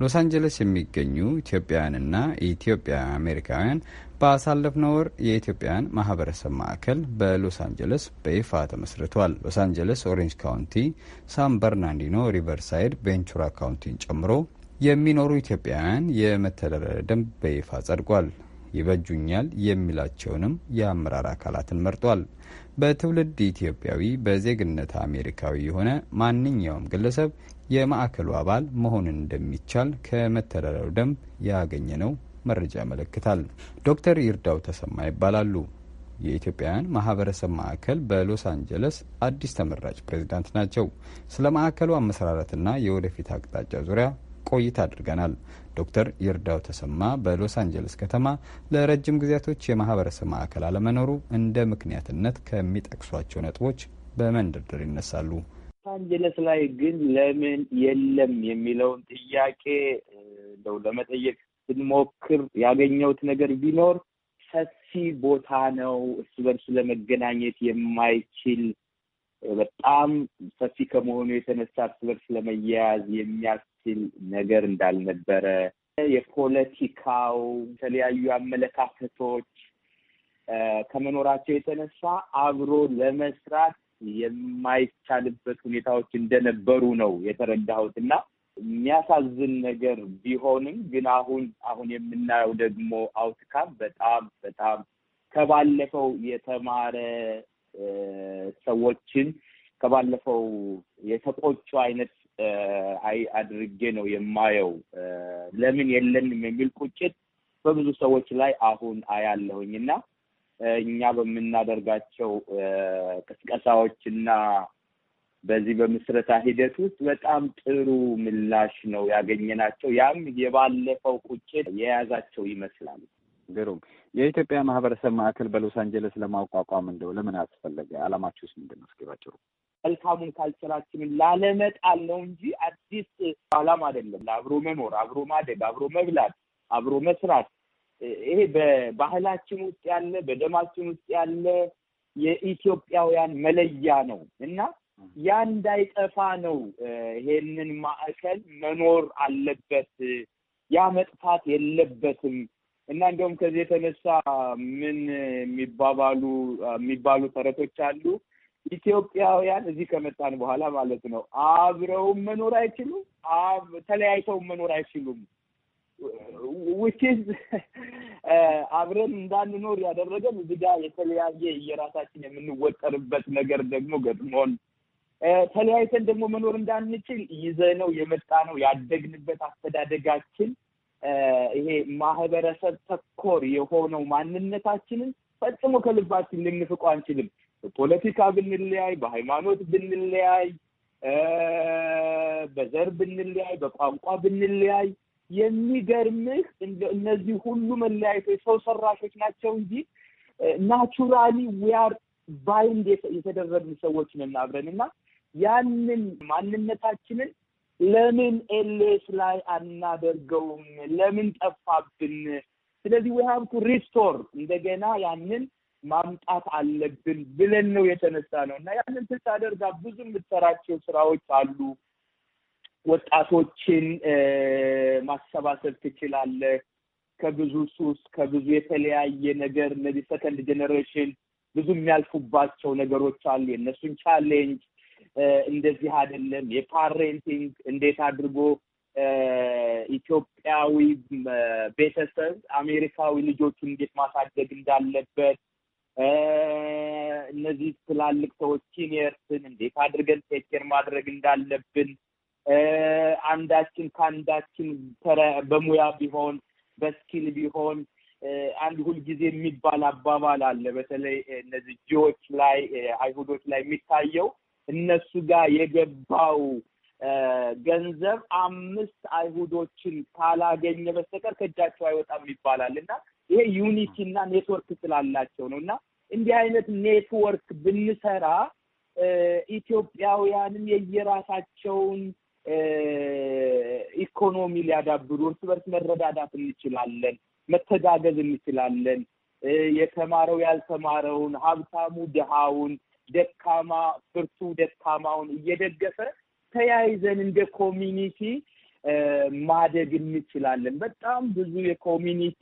ሎስ አንጀለስ የሚገኙ ኢትዮጵያውያንና ኢትዮጵያ አሜሪካውያን በአሳለፍነው ወር የኢትዮጵያውያን ማህበረሰብ ማዕከል በሎስ አንጀለስ በይፋ ተመስርቷል። ሎስ አንጀለስ፣ ኦሬንጅ ካውንቲ፣ ሳን በርናንዲኖ፣ ሪቨርሳይድ፣ ቬንቹራ ካውንቲን ጨምሮ የሚኖሩ ኢትዮጵያውያን የመተዳደሪያ ደንብ በይፋ ጸድቋል። ይበጁኛል የሚላቸውንም የአመራር አካላትን መርጧል። በትውልድ ኢትዮጵያዊ በዜግነት አሜሪካዊ የሆነ ማንኛውም ግለሰብ የማዕከሉ አባል መሆን እንደሚቻል ከመተዳደሪያው ደንብ ነው መረጃ ያመለክታል። ዶክተር ይርዳው ተሰማ ይባላሉ። የኢትዮጵያውያን ማህበረሰብ ማዕከል በሎስ አንጀለስ አዲስ ተመራጭ ፕሬዚዳንት ናቸው። ስለ ማዕከሉ አመሰራረትና የወደፊት አቅጣጫ ዙሪያ ቆይታ አድርገናል። ዶክተር ይርዳው ተሰማ በሎስ አንጀለስ ከተማ ለረጅም ጊዜያቶች የማህበረሰብ ማዕከል አለመኖሩ እንደ ምክንያትነት ከሚጠቅሷቸው ነጥቦች በመንደርደር ይነሳሉ። ሎስ አንጀለስ ላይ ግን ለምን የለም የሚለውን ጥያቄ እንደው ለመጠየቅ ስንሞክር ያገኘሁት ነገር ቢኖር ሰፊ ቦታ ነው፣ እርስ በርስ ለመገናኘት የማይችል በጣም ሰፊ ከመሆኑ የተነሳ እርስ በርስ ለመያያዝ የሚያስ የሚያስችል ነገር እንዳልነበረ የፖለቲካው የተለያዩ አመለካከቶች ከመኖራቸው የተነሳ አብሮ ለመስራት የማይቻልበት ሁኔታዎች እንደነበሩ ነው የተረዳሁት እና የሚያሳዝን ነገር ቢሆንም ግን አሁን አሁን የምናየው ደግሞ አውትካም በጣም በጣም ከባለፈው የተማረ ሰዎችን ከባለፈው የተቆጩ አይነት አይ አድርጌ ነው የማየው። ለምን የለንም የሚል ቁጭት በብዙ ሰዎች ላይ አሁን አያለሁኝ እና እኛ በምናደርጋቸው ቅስቀሳዎችና በዚህ በምስረታ ሂደት ውስጥ በጣም ጥሩ ምላሽ ነው ያገኘናቸው። ያም የባለፈው ቁጭት የያዛቸው ይመስላል። ግሩም። የኢትዮጵያ ማህበረሰብ ማዕከል በሎስ አንጀለስ ለማቋቋም እንደው ለምን አስፈለገ? አላማችሁስ ምንድን ነው? እስኪ ባጭሩ መልካሙን ካልቸራችንን ላለመጣል ነው እንጂ አዲስ ዓላማ አይደለም። ለአብሮ መኖር፣ አብሮ ማደግ፣ አብሮ መብላት፣ አብሮ መስራት ይሄ በባህላችን ውስጥ ያለ በደማችን ውስጥ ያለ የኢትዮጵያውያን መለያ ነው እና ያ እንዳይጠፋ ነው ይሄንን ማዕከል መኖር አለበት። ያ መጥፋት የለበትም እና እንደውም ከዚህ የተነሳ ምን የሚባባሉ የሚባሉ ተረቶች አሉ ኢትዮጵያውያን እዚህ ከመጣን በኋላ ማለት ነው አብረውም መኖር አይችሉም፣ ተለያይተውም መኖር አይችሉም። ውችዝ <laughs> uh, አብረን እንዳንኖር ያደረገን እዚህ ጋር የተለያየ የራሳችን የምንወጠርበት ነገር ደግሞ ገጥሞን ተለያይተን ደግሞ መኖር እንዳንችል ይዘነው የመጣ ነው ያደግንበት አስተዳደጋችን ይሄ ማህበረሰብ ተኮር የሆነው ማንነታችንን ፈጽሞ ከልባችን ልንፍቆ አንችልም። በፖለቲካ ብንለያይ፣ በሃይማኖት ብንለያይ፣ በዘር ብንለያይ፣ በቋንቋ ብንለያይ የሚገርምህ እነዚህ ሁሉ መለያየቶች ሰው ሰራሾች ናቸው እንጂ ናቹራሊ ዊያር ባይንድ የተደረግን ሰዎችን እናብረን እና ያንን ማንነታችንን ለምን ኤሌስ ላይ አናደርገውም? ለምን ጠፋብን? ስለዚህ ዊ ሀብ ቱ ሪስቶር እንደገና ያንን ማምጣት አለብን ብለን ነው የተነሳ ነው እና ያንን ስታደርጋ ብዙ የምትሰራቸው ስራዎች አሉ። ወጣቶችን ማሰባሰብ ትችላለህ። ከብዙ ሱስ፣ ከብዙ የተለያየ ነገር እነዚህ ሰከንድ ጀኔሬሽን ብዙ የሚያልፉባቸው ነገሮች አሉ። የእነሱን ቻሌንጅ እንደዚህ አይደለም የፓሬንቲንግ እንዴት አድርጎ ኢትዮጵያዊ ቤተሰብ አሜሪካዊ ልጆቹን እንዴት ማሳደግ እንዳለበት እነዚህ ትላልቅ ሰዎች ሲኒየርስን እንዴት አድርገን ቴኬር ማድረግ እንዳለብን አንዳችን ከአንዳችን በሙያ ቢሆን በስኪል ቢሆን አንድ ሁልጊዜ የሚባል አባባል አለ። በተለይ እነዚህ ጂዎች ላይ አይሁዶች ላይ የሚታየው እነሱ ጋር የገባው ገንዘብ አምስት አይሁዶችን ካላገኘ በስተቀር ከእጃቸው አይወጣም ይባላል እና ይሄ ዩኒቲ እና ኔትወርክ ስላላቸው ነው እና እንዲህ አይነት ኔትወርክ ብንሰራ ኢትዮጵያውያንም የየራሳቸውን ኢኮኖሚ ሊያዳብሩ እርስ በርስ መረዳዳት እንችላለን፣ መተጋገዝ እንችላለን። የተማረው ያልተማረውን፣ ሀብታሙ ድሃውን፣ ደካማ ብርቱ ደካማውን እየደገፈ ተያይዘን እንደ ኮሚኒቲ ማደግ እንችላለን። በጣም ብዙ የኮሚኒቲ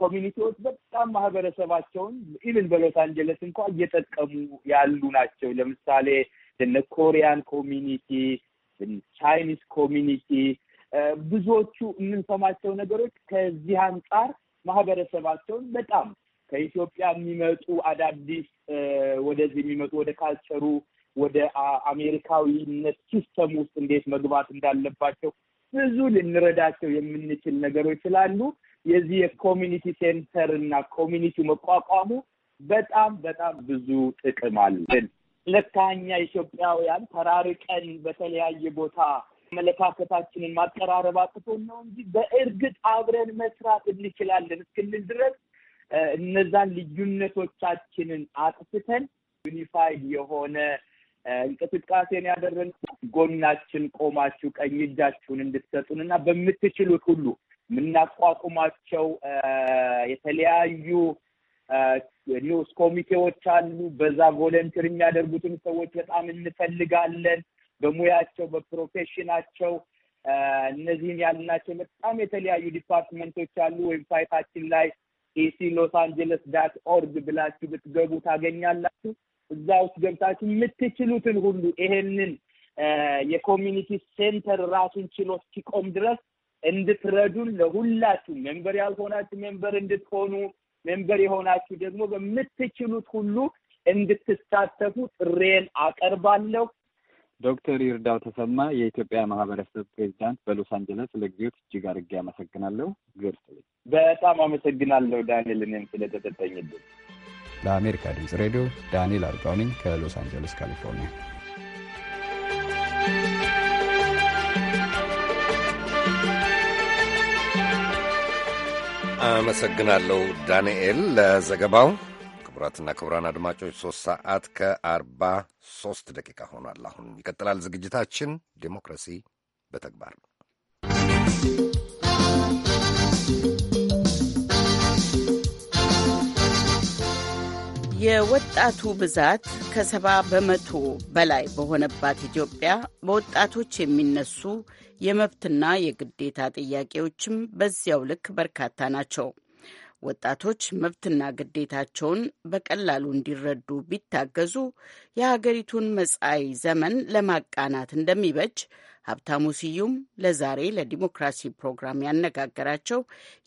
ኮሚኒቲዎች በጣም ማህበረሰባቸውን ኢቭን በሎስ አንጀለስ እንኳ እየጠቀሙ ያሉ ናቸው። ለምሳሌ እነ ኮሪያን ኮሚኒቲ፣ ቻይኒስ ኮሚኒቲ ብዙዎቹ የምንሰማቸው ነገሮች ከዚህ አንጻር ማህበረሰባቸውን በጣም ከኢትዮጵያ የሚመጡ አዳዲስ ወደዚህ የሚመጡ ወደ ካልቸሩ ወደ አሜሪካዊነት ሲስተም ውስጥ እንዴት መግባት እንዳለባቸው ብዙ ልንረዳቸው የምንችል ነገሮች ስላሉ የዚህ የኮሚኒቲ ሴንተር እና ኮሚኒቲ መቋቋሙ በጣም በጣም ብዙ ጥቅም አለን። ለካኛ ኢትዮጵያውያን ተራርቀን በተለያየ ቦታ አመለካከታችንን ማቀራረብ አቅቶን ነው እንጂ በእርግጥ አብረን መስራት እንችላለን እስክልል ድረስ እነዛን ልዩነቶቻችንን አጥፍተን ዩኒፋይድ የሆነ እንቅስቃሴን ያደረግን ጎናችን ቆማችሁ ቀኝ እጃችሁን እንድትሰጡን እና በምትችሉት ሁሉ የምናቋቁማቸው የተለያዩ ኒውስ ኮሚቴዎች አሉ። በዛ ቮለንቲር የሚያደርጉትን ሰዎች በጣም እንፈልጋለን። በሙያቸው በፕሮፌሽናቸው እነዚህን ያልናቸው በጣም የተለያዩ ዲፓርትመንቶች አሉ። ዌብሳይታችን ላይ ኢሲ ሎስ አንጀለስ ዳት ኦርግ ብላችሁ ብትገቡ ታገኛላችሁ። እዛ ውስጥ ገብታችሁ የምትችሉትን ሁሉ ይሄንን የኮሚኒቲ ሴንተር ራሱን ችሎ እስኪቆም ድረስ እንድትረዱን ለሁላችሁ ሜምበር ያልሆናችሁ ሜምበር እንድትሆኑ ሜምበር የሆናችሁ ደግሞ በምትችሉት ሁሉ እንድትሳተፉ ጥሬን አቀርባለሁ። ዶክተር ይርዳው ተሰማ የኢትዮጵያ ማህበረሰብ ፕሬዚዳንት በሎስ አንጀለስ፣ ለጊዜው እጅግ አድርጌ አመሰግናለሁ። ግር በጣም አመሰግናለሁ ዳንኤል፣ እኔም ስለተሰጠኝልን። ለአሜሪካ ድምፅ ሬዲዮ ዳንኤል አርጋው ነኝ ከሎስ አንጀለስ ካሊፎርኒያ። አመሰግናለሁ ዳንኤል ለዘገባው። ክቡራትና ክቡራን አድማጮች ሶስት ሰዓት ከአርባ ሶስት ደቂቃ ሆኗል። አሁን ይቀጥላል ዝግጅታችን ዴሞክራሲ በተግባር የወጣቱ ብዛት ከሰባ በመቶ በላይ በሆነባት ኢትዮጵያ በወጣቶች የሚነሱ የመብትና የግዴታ ጥያቄዎችም በዚያው ልክ በርካታ ናቸው። ወጣቶች መብትና ግዴታቸውን በቀላሉ እንዲረዱ ቢታገዙ የሀገሪቱን መጻኢ ዘመን ለማቃናት እንደሚበጅ ሀብታሙ ስዩም ለዛሬ ለዲሞክራሲ ፕሮግራም ያነጋገራቸው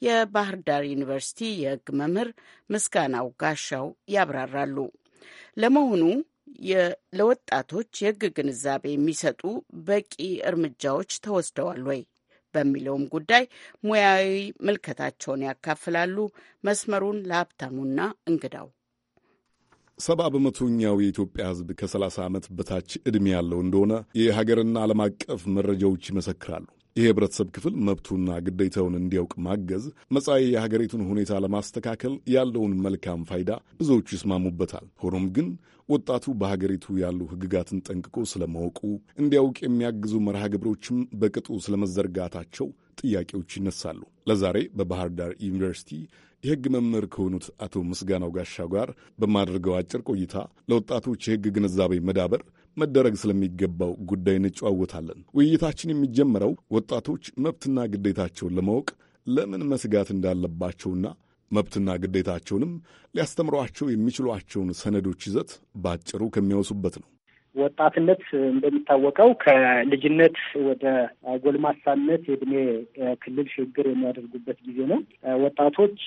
የባህር ዳር ዩኒቨርሲቲ የሕግ መምህር ምስጋናው ጋሻው ያብራራሉ። ለመሆኑ ለወጣቶች የሕግ ግንዛቤ የሚሰጡ በቂ እርምጃዎች ተወስደዋል ወይ በሚለውም ጉዳይ ሙያዊ ምልከታቸውን ያካፍላሉ። መስመሩን ለሀብታሙና እንግዳው ሰባ በመቶኛው የኢትዮጵያ ሕዝብ ከ30 ዓመት በታች ዕድሜ ያለው እንደሆነ የሀገርና ዓለም አቀፍ መረጃዎች ይመሰክራሉ። ይህ የህብረተሰብ ክፍል መብቱና ግዴታውን እንዲያውቅ ማገዝ መጻኢ የሀገሪቱን ሁኔታ ለማስተካከል ያለውን መልካም ፋይዳ ብዙዎቹ ይስማሙበታል። ሆኖም ግን ወጣቱ በሀገሪቱ ያሉ ህግጋትን ጠንቅቆ ስለማወቁ እንዲያውቅ የሚያግዙ መርሃ ግብሮችም በቅጡ ስለመዘርጋታቸው ጥያቄዎች ይነሳሉ። ለዛሬ በባህር ዳር ዩኒቨርሲቲ የህግ መምህር ከሆኑት አቶ ምስጋናው ጋሻው ጋር በማደርገው አጭር ቆይታ ለወጣቶች የህግ ግንዛቤ መዳበር መደረግ ስለሚገባው ጉዳይ እንጨዋወታለን። ውይይታችን የሚጀምረው ወጣቶች መብትና ግዴታቸውን ለማወቅ ለምን መስጋት እንዳለባቸውና መብትና ግዴታቸውንም ሊያስተምሯቸው የሚችሏቸውን ሰነዶች ይዘት ባጭሩ ከሚያወሱበት ነው። ወጣትነት እንደሚታወቀው ከልጅነት ወደ ጎልማሳነት የእድሜ ክልል ሽግግር የሚያደርጉበት ጊዜ ነው። ወጣቶች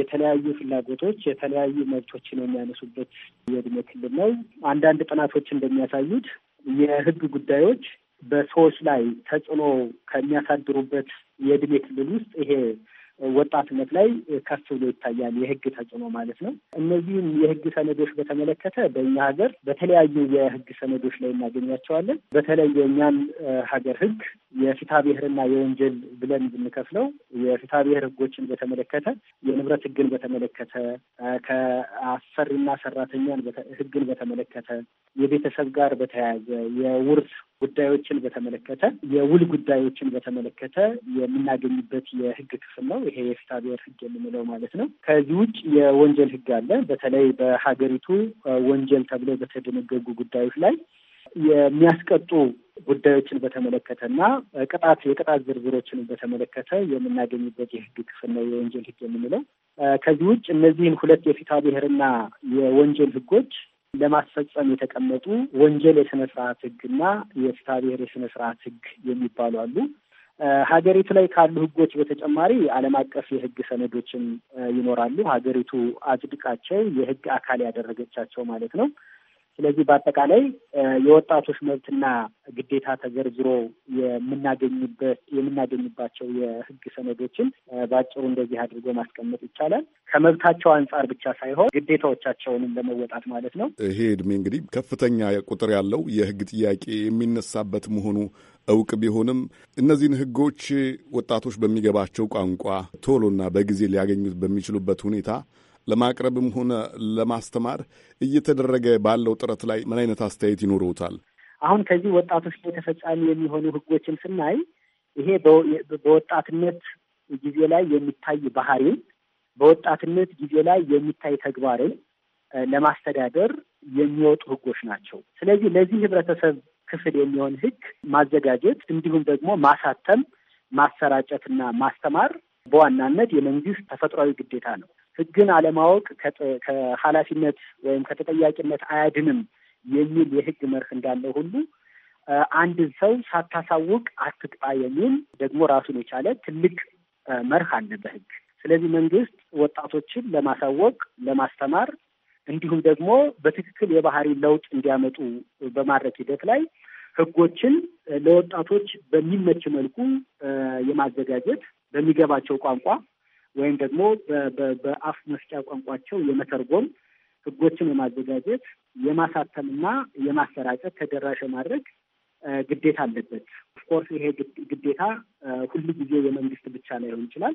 የተለያዩ ፍላጎቶች፣ የተለያዩ መብቶችን የሚያነሱበት የእድሜ ክልል ነው። አንዳንድ ጥናቶች እንደሚያሳዩት የህግ ጉዳዮች በሰዎች ላይ ተጽዕኖ ከሚያሳድሩበት የእድሜ ክልል ውስጥ ይሄ ወጣትነት ላይ ከፍ ብሎ ይታያል። የህግ ተጽዕኖ ማለት ነው። እነዚህም የህግ ሰነዶች በተመለከተ በእኛ ሀገር በተለያዩ የህግ ሰነዶች ላይ እናገኛቸዋለን። በተለይ የእኛን ሀገር ህግ የፍትሐ ብሔርና የወንጀል ብለን ብንከፍለው የፍትሐ ብሔር ህጎችን በተመለከተ የንብረት ህግን በተመለከተ ከአሰሪና ሰራተኛን ህግን በተመለከተ የቤተሰብ ጋር በተያያዘ የውርስ ጉዳዮችን በተመለከተ የውል ጉዳዮችን በተመለከተ የምናገኝበት የህግ ክፍል ነው። ይሄ የፍትሐብሔር ህግ የምንለው ማለት ነው። ከዚህ ውጭ የወንጀል ህግ አለ። በተለይ በሀገሪቱ ወንጀል ተብለው በተደነገጉ ጉዳዮች ላይ የሚያስቀጡ ጉዳዮችን በተመለከተና ቅጣት የቅጣት ዝርዝሮችን በተመለከተ የምናገኝበት የህግ ክፍል ነው የወንጀል ህግ የምንለው። ከዚህ ውጭ እነዚህን ሁለት የፍትሐብሔርና የወንጀል ህጎች ለማስፈጸም የተቀመጡ ወንጀል የስነ ስርዓት ህግና የፍትሐ ብሔር የስነ ስርዓት ህግ የሚባሉ አሉ። ሀገሪቱ ላይ ካሉ ህጎች በተጨማሪ ዓለም አቀፍ የህግ ሰነዶችም ይኖራሉ። ሀገሪቱ አጽድቃቸው የህግ አካል ያደረገቻቸው ማለት ነው። ስለዚህ በአጠቃላይ የወጣቶች መብትና ግዴታ ተዘርዝሮ የምናገኝበት የምናገኝባቸው የህግ ሰነዶችን በአጭሩ እንደዚህ አድርጎ ማስቀመጥ ይቻላል። ከመብታቸው አንጻር ብቻ ሳይሆን ግዴታዎቻቸውንም ለመወጣት ማለት ነው። ይሄ እድሜ እንግዲህ ከፍተኛ ቁጥር ያለው የህግ ጥያቄ የሚነሳበት መሆኑ እውቅ ቢሆንም እነዚህን ህጎች ወጣቶች በሚገባቸው ቋንቋ ቶሎና በጊዜ ሊያገኙት በሚችሉበት ሁኔታ ለማቅረብም ሆነ ለማስተማር እየተደረገ ባለው ጥረት ላይ ምን አይነት አስተያየት ይኖረውታል? አሁን ከዚህ ወጣቶች ላይ ተፈጻሚ የሚሆኑ ህጎችን ስናይ ይሄ በወጣትነት ጊዜ ላይ የሚታይ ባህሪን በወጣትነት ጊዜ ላይ የሚታይ ተግባርን ለማስተዳደር የሚወጡ ህጎች ናቸው። ስለዚህ ለዚህ ህብረተሰብ ክፍል የሚሆን ህግ ማዘጋጀት እንዲሁም ደግሞ ማሳተም፣ ማሰራጨትና ማስተማር በዋናነት የመንግስት ተፈጥሯዊ ግዴታ ነው። ህግን አለማወቅ ከኃላፊነት ወይም ከተጠያቂነት አያድንም የሚል የህግ መርህ እንዳለ ሁሉ አንድን ሰው ሳታሳውቅ አትቅጣ የሚል ደግሞ ራሱን የቻለ ትልቅ መርህ አለ በህግ ስለዚህ መንግስት ወጣቶችን ለማሳወቅ ለማስተማር እንዲሁም ደግሞ በትክክል የባህሪ ለውጥ እንዲያመጡ በማድረግ ሂደት ላይ ህጎችን ለወጣቶች በሚመች መልኩ የማዘጋጀት በሚገባቸው ቋንቋ ወይም ደግሞ በአፍ መፍጫ ቋንቋቸው የመተርጎም ህጎችን የማዘጋጀት የማሳተምና የማሰራጨት ተደራሽ ማድረግ ግዴታ አለበት። ኦፍኮርስ ይሄ ግዴታ ሁሉ ጊዜ የመንግስት ብቻ ላይሆን ይችላል።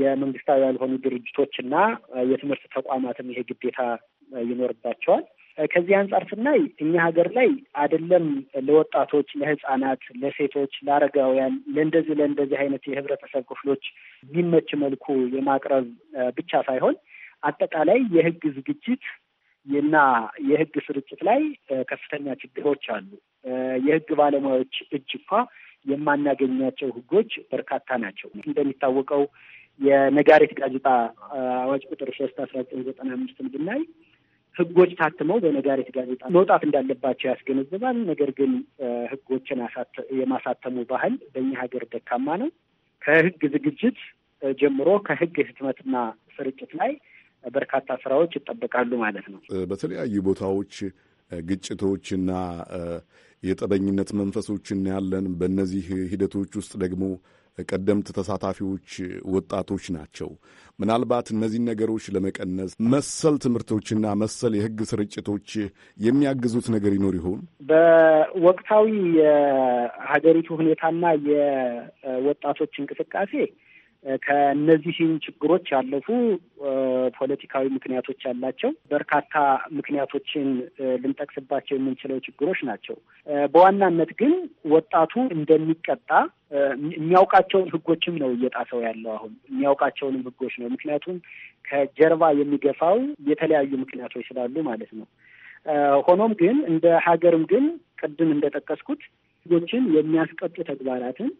የመንግስታዊ ያልሆኑ ድርጅቶችና የትምህርት ተቋማትም ይሄ ግዴታ ይኖርባቸዋል። ከዚህ አንጻር ስናይ እኛ ሀገር ላይ አይደለም ለወጣቶች፣ ለህጻናት፣ ለሴቶች፣ ለአረጋውያን ለእንደዚህ ለእንደዚህ አይነት የህብረተሰብ ክፍሎች የሚመች መልኩ የማቅረብ ብቻ ሳይሆን አጠቃላይ የህግ ዝግጅት እና የህግ ስርጭት ላይ ከፍተኛ ችግሮች አሉ። የህግ ባለሙያዎች እጅ እንኳ የማናገኛቸው ህጎች በርካታ ናቸው። እንደሚታወቀው የነጋሪት ጋዜጣ አዋጅ ቁጥር ሶስት አስራ ዘጠኝ ዘጠና አምስትን ብናይ ህጎች ታትመው በነጋሪት ጋዜጣ መውጣት እንዳለባቸው ያስገነዝባል። ነገር ግን ህጎችን የማሳተሙ ባህል በእኛ ሀገር ደካማ ነው። ከህግ ዝግጅት ጀምሮ ከህግ ህትመትና ስርጭት ላይ በርካታ ስራዎች ይጠበቃሉ ማለት ነው። በተለያዩ ቦታዎች ግጭቶችና የጠበኝነት መንፈሶች እናያለን። በእነዚህ ሂደቶች ውስጥ ደግሞ ቀደምት ተሳታፊዎች ወጣቶች ናቸው። ምናልባት እነዚህን ነገሮች ለመቀነስ መሰል ትምህርቶችና መሰል የሕግ ስርጭቶች የሚያግዙት ነገር ይኖር ይሆን? በወቅታዊ የሀገሪቱ ሁኔታና የወጣቶች እንቅስቃሴ ከእነዚህም ችግሮች ያለፉ ፖለቲካዊ ምክንያቶች ያላቸው በርካታ ምክንያቶችን ልንጠቅስባቸው የምንችለው ችግሮች ናቸው። በዋናነት ግን ወጣቱ እንደሚቀጣ የሚያውቃቸውን ሕጎችም ነው እየጣሰው ያለው አሁን የሚያውቃቸውንም ሕጎች ነው። ምክንያቱም ከጀርባ የሚገፋው የተለያዩ ምክንያቶች ስላሉ ማለት ነው። ሆኖም ግን እንደ ሀገርም ግን ቅድም እንደጠቀስኩት ሕጎችን የሚያስቀጡ ተግባራትን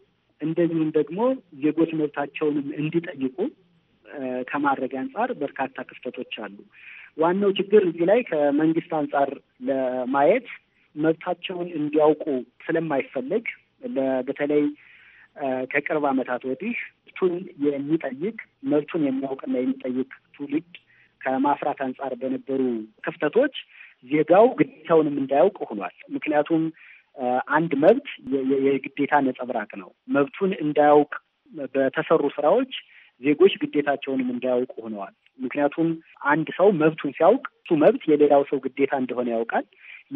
እንደዚሁም ደግሞ ዜጎች መብታቸውንም እንዲጠይቁ ከማድረግ አንጻር በርካታ ክፍተቶች አሉ። ዋናው ችግር እዚህ ላይ ከመንግስት አንጻር ለማየት መብታቸውን እንዲያውቁ ስለማይፈለግ በተለይ ከቅርብ ዓመታት ወዲህ መብቱን የሚጠይቅ መብቱን የሚያውቅና የሚጠይቅ ትውልድ ከማፍራት አንጻር በነበሩ ክፍተቶች ዜጋው ግዴታውንም እንዳያውቅ ሆኗል። ምክንያቱም አንድ መብት የግዴታ ነጸብራቅ ነው። መብቱን እንዳያውቅ በተሰሩ ስራዎች ዜጎች ግዴታቸውንም እንዳያውቁ ሆነዋል። ምክንያቱም አንድ ሰው መብቱን ሲያውቅ እሱ መብት የሌላው ሰው ግዴታ እንደሆነ ያውቃል።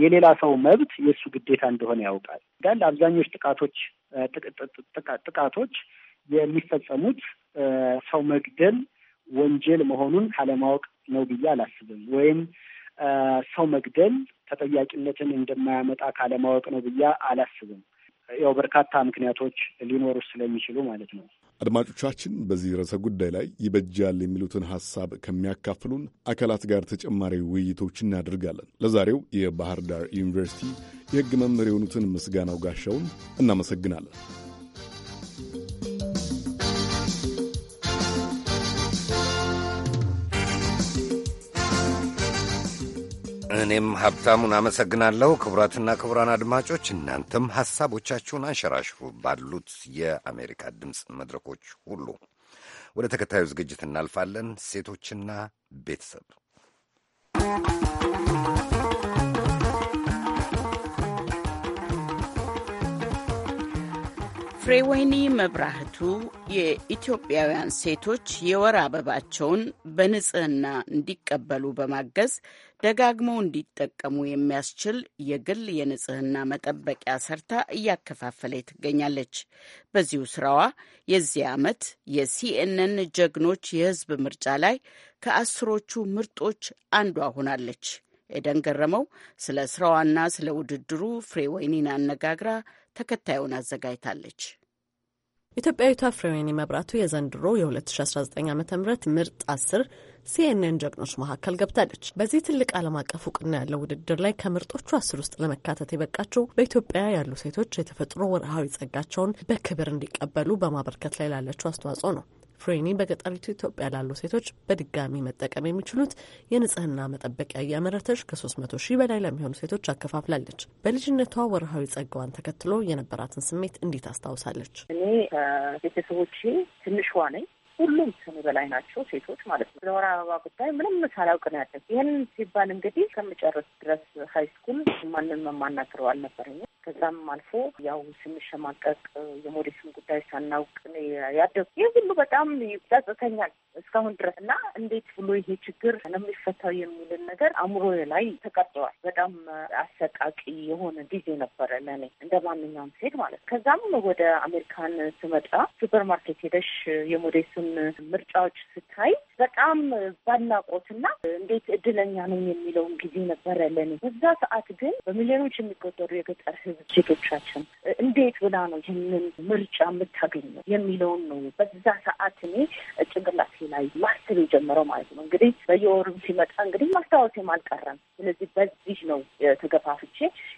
የሌላ ሰው መብት የእሱ ግዴታ እንደሆነ ያውቃል። እንዳለ አብዛኞች ጥቃቶች ጥቃቶች የሚፈጸሙት ሰው መግደል ወንጀል መሆኑን ካለማወቅ ነው ብዬ አላስብም። ወይም ሰው መግደል ተጠያቂነትን እንደማያመጣ ካለማወቅ ነው ብዬ አላስብም። ያው በርካታ ምክንያቶች ሊኖሩ ስለሚችሉ ማለት ነው። አድማጮቻችን በዚህ ርዕሰ ጉዳይ ላይ ይበጃል የሚሉትን ሀሳብ ከሚያካፍሉን አካላት ጋር ተጨማሪ ውይይቶች እናደርጋለን። ለዛሬው የባህር ዳር ዩኒቨርሲቲ የሕግ መምህር የሆኑትን ምስጋናው ጋሻውን እናመሰግናለን። እኔም ሀብታሙን አመሰግናለሁ። ክቡራትና ክቡራን አድማጮች እናንተም ሐሳቦቻችሁን አንሸራሽሩ ባሉት የአሜሪካ ድምፅ መድረኮች ሁሉ። ወደ ተከታዩ ዝግጅት እናልፋለን። ሴቶችና ቤተሰብ ፍሬወይኒ መብራህቱ የኢትዮጵያውያን ሴቶች የወር አበባቸውን በንጽህና እንዲቀበሉ በማገዝ ደጋግመው እንዲጠቀሙ የሚያስችል የግል የንጽህና መጠበቂያ ሰርታ እያከፋፈለ ትገኛለች። በዚሁ ስራዋ የዚህ ዓመት የሲኤንን ጀግኖች የህዝብ ምርጫ ላይ ከአስሮቹ ምርጦች አንዷ ሆናለች። ኤደን ገረመው ስለ ስራዋና ስለ ውድድሩ ፍሬወይኒን አነጋግራ ተከታዩን አዘጋጅታለች። ኢትዮጵያዊቷ ፍሬዌኒ መብራቱ የዘንድሮ የ2019 ዓ ም ምርጥ አስር ሲኤንኤን ጀግኖች መካከል ገብታለች። በዚህ ትልቅ ዓለም አቀፍ እውቅና ያለው ውድድር ላይ ከምርጦቹ አስር ውስጥ ለመካተት የበቃቸው በኢትዮጵያ ያሉ ሴቶች የተፈጥሮ ወርሃዊ ጸጋቸውን በክብር እንዲቀበሉ በማበርከት ላይ ላለችው አስተዋጽኦ ነው። ፍሬኒ በገጠሪቱ ኢትዮጵያ ላሉ ሴቶች በድጋሚ መጠቀም የሚችሉት የንጽህና መጠበቂያ እያመረተች ከ300 ሺህ በላይ ለሚሆኑ ሴቶች አከፋፍላለች። በልጅነቷ ወርሃዊ ጸጋዋን ተከትሎ የነበራትን ስሜት እንዴት አስታውሳለች እኔ ቤተሰቦች ትንሿ ነኝ። ሁሉም ከኔ በላይ ናቸው ሴቶች ማለት ነው። ስለወር አበባ ጉዳይ ምንም ሳላውቅ ነው ያለ። ይህን ሲባል እንግዲህ ከምጨርስ ድረስ ሀይ ስኩል ማንም የማናግረው አልነበረኝም። ከዛም አልፎ ያው ስንሸማቀቅ የሞዴስን ጉዳይ ሳናውቅ ያደጉ ይህ ሁሉ በጣም ጸጽተኛል እስካሁን ድረስ እና እንዴት ብሎ ይሄ ችግር ነው የሚፈታው የሚልን ነገር አእምሮ ላይ ተቀርጸዋል። በጣም አሰቃቂ የሆነ ጊዜ ነበረ ለእኔ እንደ ማንኛውም ሴት ማለት ነው። ከዛም ወደ አሜሪካን ስመጣ ሱፐር ማርኬት ሄደሽ የሞዴስን ምርጫዎች ስታይ በጣም ባድናቆትና እንዴት እድለኛ ነኝ የሚለውን ጊዜ ነበረ ለእኔ በዛ ሰዓት። ግን በሚሊዮኖች የሚቆጠሩ የገጠር ብዙ ሴቶቻችን እንዴት ብላ ነው ይህንን ምርጫ የምታገኘው የሚለውን ነው በዛ ሰዓት እኔ ጭንቅላቴ ላይ ማስብ የጀመረው ማለት ነው። እንግዲህ በየወሩም ሲመጣ እንግዲህ ማስታወሴም አልቀረም። ስለዚህ በዚህ ነው ተገፋፍቼ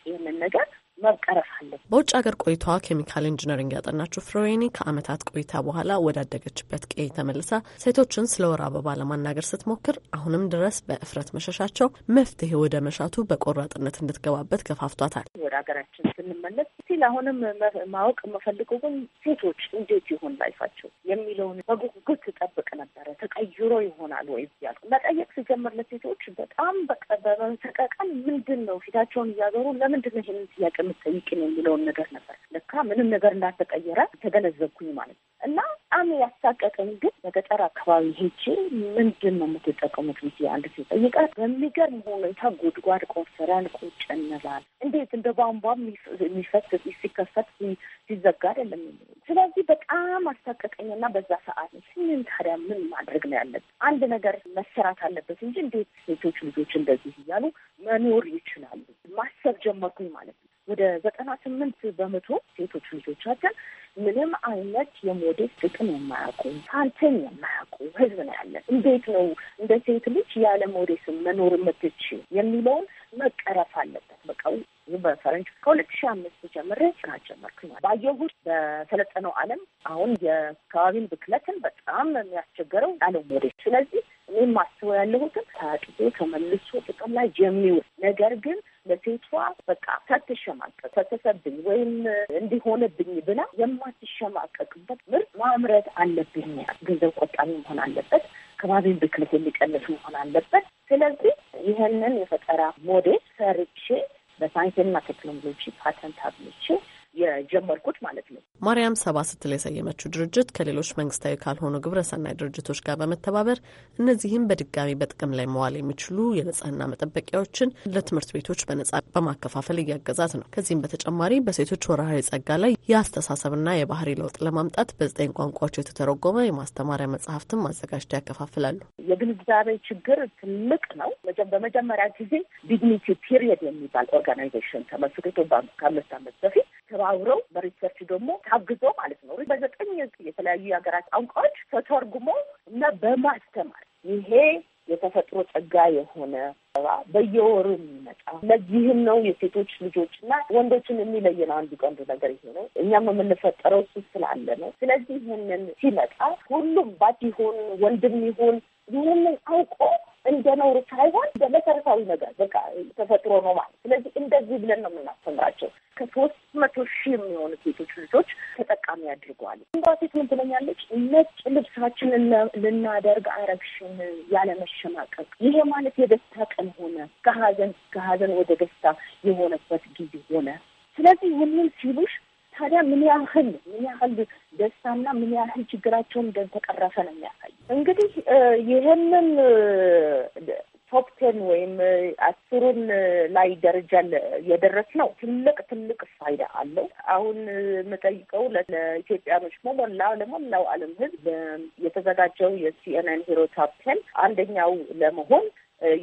ይህንን ነገር መቀረፍ አለብን። በውጭ ሀገር ቆይቷ ኬሚካል ኢንጂነሪንግ ያጠናችው ፍሮዌኒ ከአመታት ቆይታ በኋላ ወዳደገችበት ቀይ ተመልሳ ሴቶችን ስለ ወር አበባ ለማናገር ስትሞክር አሁንም ድረስ በእፍረት መሸሻቸው መፍትሄ ወደ መሻቱ በቆራጥነት እንድትገባበት ገፋፍቷታል። ወደ ሀገራችን ስንመለስ ሲል አሁንም ማወቅ የምፈልገው ግን ሴቶች እንዴት ይሆን ላይፋቸው የሚለውን በጉጉት ትጠብቅ ነበረ። ተቀይሮ ይሆናል ወይ ያል መጠየቅ ሲጀምር ለሴቶች በጣም በመሰቀቀን ምንድን ነው ፊታቸውን እያዞሩ ለምንድን ነው ይሄንን ጥያቄ የምትጠይቅን የሚለውን ነገር ነበር። ለካ ምንም ነገር እንዳልተቀየረ ተገነዘብኩኝ ማለት ነው። እና በጣም ያሳቀቀኝ ግን በገጠር አካባቢ ሄጄ ምንድን ነው የምትጠቀሙት ብዬ አንድ ሴት በሚገርም ሁኔታ ጉድጓድ ቆፍረን ቁጭ እንዴት እንደ ቧንቧ የሚፈት ሲከፈት ሲዘጋ አይደለም። ስለዚህ በጣም አሳቀቀኝና በዛ ሰዓት ስምን ታዲያ ምን ማድረግ ነው ያለብን? አንድ ነገር መሰራት አለበት እንጂ እንዴት ሴቶች ልጆች እንደዚህ እያሉ መኖር ይችላሉ? ማሰብ ጀመርኩኝ ማለት ነው። ወደ ዘጠና ስምንት በመቶ ሴቶች ልጆቻችን ምንም አይነት የሞዴስ ጥቅም የማያውቁ ፓንቴን የማያውቁ ህዝብ ነው ያለን። እንዴት ነው እንደ ሴት ልጅ ያለ ሞዴስ መኖር የምትችል የሚለውን መቀረፍ አለበት። በቃ በፈረንጅ ከሁለት ሺ አምስት ጀምሬ ስራ ጀመርኩኝ። ባየሁት በሰለጠነው ዓለም አሁን የአካባቢን ብክለትን በጣም የሚያስቸገረው ያለ ሞዴስ። ስለዚህ እኔ ማስበው ያለሁትን ታጥቦ ተመልሶ ጥቅም ላይ የሚውል ነገር ግን ለሴቷ በቃ ሳትሸማቀቅ ተተሰብኝ ወይም እንዲሆነብኝ ብላ የማትሸማቀቅበት ምርት ማምረት አለብኝ። ገንዘብ ቆጣሚ መሆን አለበት። ከባቢን ብክለት የሚቀንስ መሆን አለበት። ስለዚህ ይህንን የፈጠራ ሞዴል ሰርቼ በሳይንስና ቴክኖሎጂ ፓተንት አብልቼ የጀመርኩት ማለት ነው። ማርያም ሰባ ስትል የሰየመችው ድርጅት ከሌሎች መንግስታዊ ካልሆኑ ግብረሰናይ ድርጅቶች ጋር በመተባበር እነዚህም በድጋሚ በጥቅም ላይ መዋል የሚችሉ የንጽህና መጠበቂያዎችን ለትምህርት ቤቶች በነጻ በማከፋፈል እያገዛት ነው። ከዚህም በተጨማሪ በሴቶች ወርሃዊ ጸጋ ላይ የአስተሳሰብና የባህሪ ለውጥ ለማምጣት በዘጠኝ ቋንቋዎች የተተረጎመ የማስተማሪያ መጽሐፍትን ማዘጋጅቶ ያከፋፍላሉ። የግንዛቤ ችግር ትልቅ ነው። በመጀመሪያ ጊዜ ዲግኒቲ ፒሪየድ የሚባል ኦርጋናይዜሽን ተመስርቶ ከአምስት ዓመት በፊት ተባብረው በሪሰርች ደግሞ ታግዞ ማለት ነው በዘጠኝ የተለያዩ የሀገራት ቋንቋዎች ተተርጉሞ እና በማስተማር ይሄ የተፈጥሮ ጸጋ የሆነ በየወሩ የሚመጣ ለዚህም ነው የሴቶች ልጆች እና ወንዶችን የሚለየን አንዱ ቀንዱ ነገር ይሄ ነው። እኛም የምንፈጠረው እሱ ስላለ ነው። ስለዚህ ይህንን ሲመጣ ሁሉም ባት ይሁን ወንድም ይሁን ይህንን አውቆ እንደ ነውር ሳይሆን በመሰረታዊ ነገር በቃ ተፈጥሮ ነው ማለት። ስለዚህ እንደዚህ ብለን ነው የምናስተምራቸው። ከሶስት መቶ ሺህ የሚሆኑ ሴቶች ልጆች ተጠቃሚ አድርገዋል። ሴት ምን ትለኛለች? ነጭ ልብሳችንን ልናደርግ አረግሽን ያለመሸማቀቅ። ይሄ ማለት የደስታ ቀን ሆነ፣ ከሀዘን ከሀዘን ወደ ደስታ የሆነበት ጊዜ ሆነ። ስለዚህ ይህንን ሲሉሽ ታዲያ ምን ያህል ምን ያህል ደስታና ምን ያህል ችግራቸውን እንደተቀረፈ ነው የሚያሳይ እንግዲህ ይህንን ቶፕ ቴን ወይም አስሩን ላይ ደረጃ የደረስ ነው ትልቅ ትልቅ ፋይዳ አለው። አሁን የምጠይቀው ለኢትዮጵያኖች ሞላ ለሞላው ዓለም ሕዝብ የተዘጋጀው የሲኤንኤን ሂሮ ቶፕ ቴን አንደኛው ለመሆን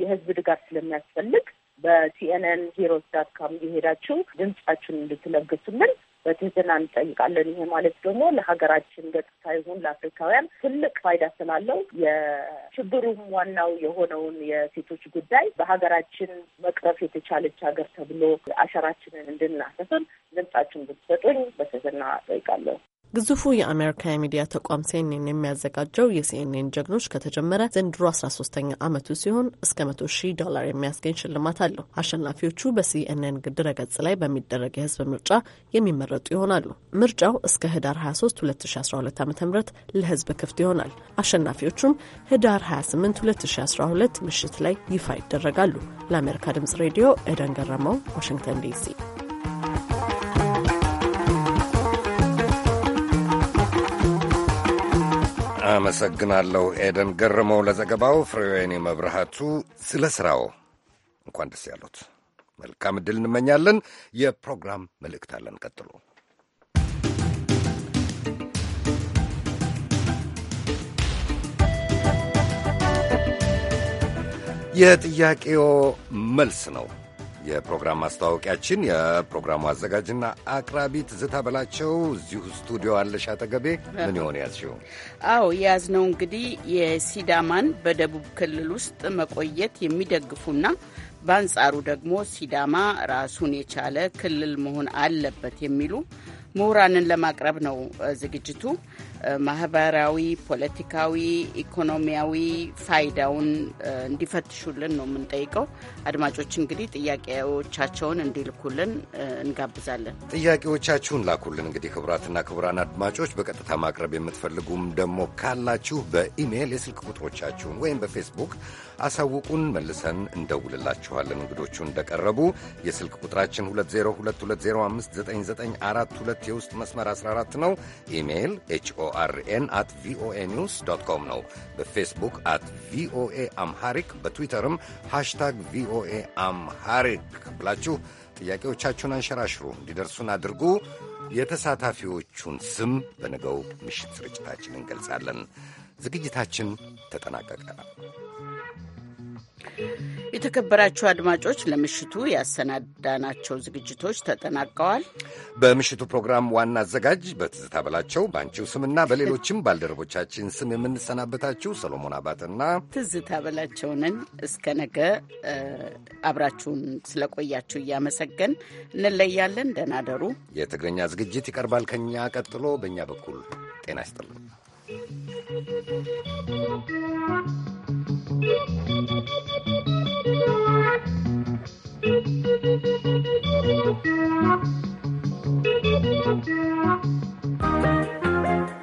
የህዝብ ድጋፍ ስለሚያስፈልግ በሲኤንኤን ሂሮስ ዳት ካም እየሄዳችሁ ድምጻችሁን እንድትለግሱልን በትህትና እንጠይቃለን። ይሄ ማለት ደግሞ ለሀገራችን ገጽታ ይሁን ለአፍሪካውያን ትልቅ ፋይዳ ስላለው የችግሩም ዋናው የሆነውን የሴቶች ጉዳይ በሀገራችን መቅረፍ የተቻለች ሀገር ተብሎ አሸራችንን እንድናሰፍን ድምጻችን ብትሰጡኝ በትህትና ጠይቃለሁ። ግዙፉ የአሜሪካ የሚዲያ ተቋም ሲኤንኤን የሚያዘጋጀው የሲኤንኤን ጀግኖች ከተጀመረ ዘንድሮ 13ኛ ዓመቱ ሲሆን እስከ 1000 ሺህ ዶላር የሚያስገኝ ሽልማት አለው። አሸናፊዎቹ በሲኤንኤን ድረገጽ ላይ በሚደረግ የህዝብ ምርጫ የሚመረጡ ይሆናሉ። ምርጫው እስከ ህዳር 23 2012 ዓ ም ለህዝብ ክፍት ይሆናል። አሸናፊዎቹም ህዳር 28 2012 ምሽት ላይ ይፋ ይደረጋሉ። ለአሜሪካ ድምጽ ሬዲዮ ኤደን ገረመው፣ ዋሽንግተን ዲሲ አመሰግናለሁ ኤደን ገረመው ለዘገባው። ፍሬዌኒ መብርሃቱ ስለ ሥራው እንኳን ደስ ያሉት መልካም ዕድል እንመኛለን። የፕሮግራም መልእክት አለን። ቀጥሎ የጥያቄው መልስ ነው። የፕሮግራም ማስተዋወቂያችን የፕሮግራሙ አዘጋጅና አቅራቢ ትዝታ በላቸው እዚሁ ስቱዲዮ አለሽ አጠገቤ። ምን ይሆን ያዝሽው? አዎ የያዝነው እንግዲህ የሲዳማን በደቡብ ክልል ውስጥ መቆየት የሚደግፉና በአንጻሩ ደግሞ ሲዳማ ራሱን የቻለ ክልል መሆን አለበት የሚሉ ምሁራንን ለማቅረብ ነው ዝግጅቱ። ማህበራዊ፣ ፖለቲካዊ፣ ኢኮኖሚያዊ ፋይዳውን እንዲፈትሹልን ነው የምንጠይቀው። አድማጮች እንግዲህ ጥያቄዎቻቸውን እንዲልኩልን እንጋብዛለን። ጥያቄዎቻችሁን ላኩልን። እንግዲህ ክቡራትና ክቡራን አድማጮች በቀጥታ ማቅረብ የምትፈልጉም ደግሞ ካላችሁ በኢሜይል የስልክ ቁጥሮቻችሁን ወይም በፌስቡክ አሳውቁን፣ መልሰን እንደውልላችኋለን። እንግዶቹ እንደቀረቡ የስልክ ቁጥራችን 2022059942 የውስጥ መስመር 14 ነው። ኢሜይል ኤችኦ ኤን አት ቪኦኤ ኒውስ ዶት ኮም ነው። በፌስቡክ አት ቪኦኤ አምሃሪክ፣ በትዊተርም ሃሽታግ ቪኦኤ አምሃሪክ ብላችሁ ጥያቄዎቻችሁን አንሸራሽሩ፣ እንዲደርሱን አድርጉ። የተሳታፊዎቹን ስም በነገው ምሽት ስርጭታችን እንገልጻለን። ዝግጅታችን ተጠናቀቀ። የተከበራችሁ አድማጮች ለምሽቱ ያሰናዳናቸው ዝግጅቶች ተጠናቀዋል። በምሽቱ ፕሮግራም ዋና አዘጋጅ በትዝታ በላቸው በአንቺው ስምና በሌሎችም ባልደረቦቻችን ስም የምንሰናበታችሁ ሰሎሞን አባትና ትዝታ በላቸውንን እስከ ነገ አብራችሁን ስለቆያችሁ እያመሰገን እንለያለን። ደህና ደሩ። የትግርኛ ዝግጅት ይቀርባል ከኛ ቀጥሎ። በእኛ በኩል ጤና ይስጥልን። Thank you.